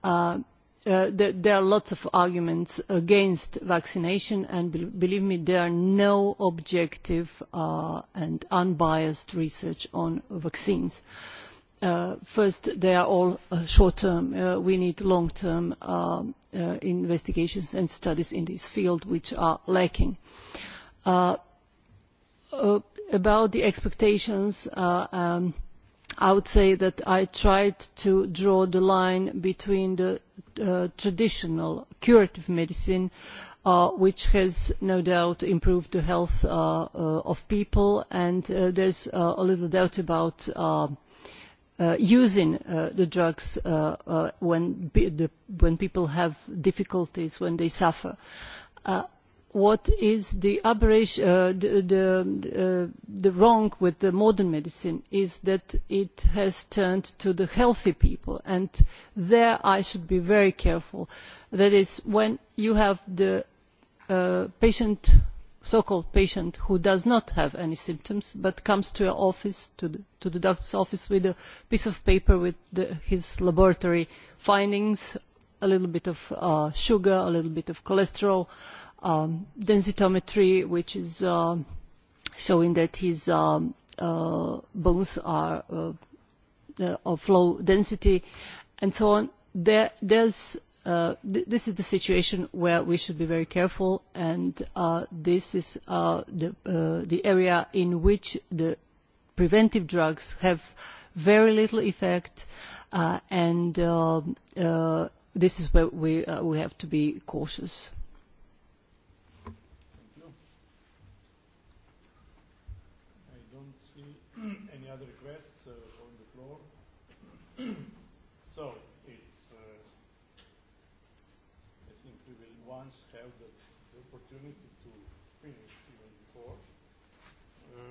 Uh, there are lots of arguments against vaccination, and believe me, there are no objective and unbiased research on vaccines. first, they are all short-term. we need long-term investigations and studies in this field, which are lacking. about the expectations, um, I would say that I tried to draw the line between the traditional curative medicine, which has no doubt improved the health of people, and there there's a little doubt about using the drugs when, people have difficulties, when they suffer what is the aberration, uh, the, uh, the wrong with the modern medicine is that it has turned to the healthy people. And there I should be very careful. That is, when you have the uh, patient, so-called patient, who does not have any symptoms, but comes to your office, to the, to the doctor's office with a piece of paper with the, his laboratory findings, a little bit of uh, sugar, a little bit of cholesterol, uh, um, densitometry, which is uh, showing that his um, uh, bones are uh, of low density, and so on. There, there's, uh, th this is the situation where we should be very careful, and uh, this is uh, the, uh, the area in which the preventive drugs have very little effect, uh, and uh, uh, this is where we, uh, we have to be cautious. opportunity to finish even before.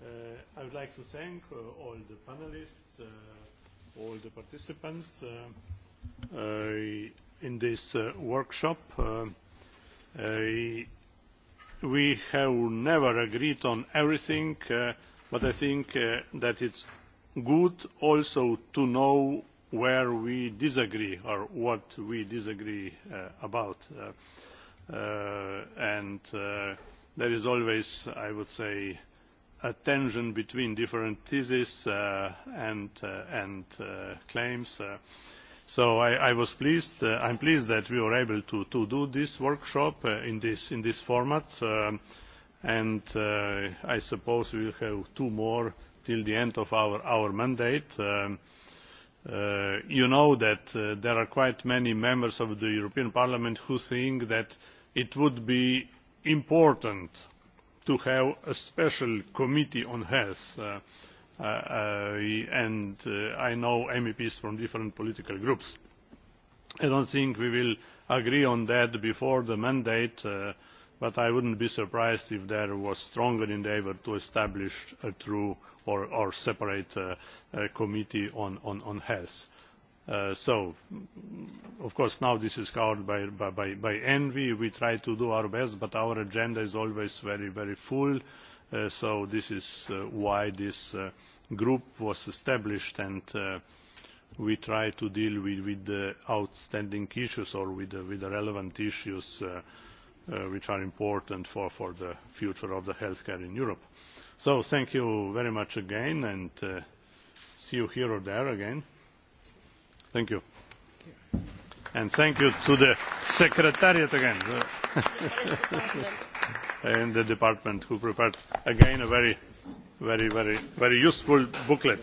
Uh, I would like to thank uh, all the panelists, uh, all the participants uh, uh, in this uh, workshop. Uh, uh, we have never agreed on everything, uh, but I think uh, that it's good also to know where we disagree or what we disagree about and there is always i would say a tension between different theses and claims so i was pleased i am pleased that we were able to do this workshop in this format and i suppose we will have two more till the end of our mandate. you know that there are quite many members of the european parliament who think that it would be important to have a special committee on health and i know meps from different political groups. i do not think we will agree on that before the mandate but i would not be surprised if there was stronger endeavour to establish a true or separate committee on health so of course now this is covered by envy we try to do our best but our agenda is always very very full so this is why this group was established and we try to deal with the outstanding issues or with the relevant issues which are important for the future of healthcare in europe. so thank you very much again and see you here or there again. Thank you. And thank you to the Secretariat again and the department who prepared again a very, very, useful booklet.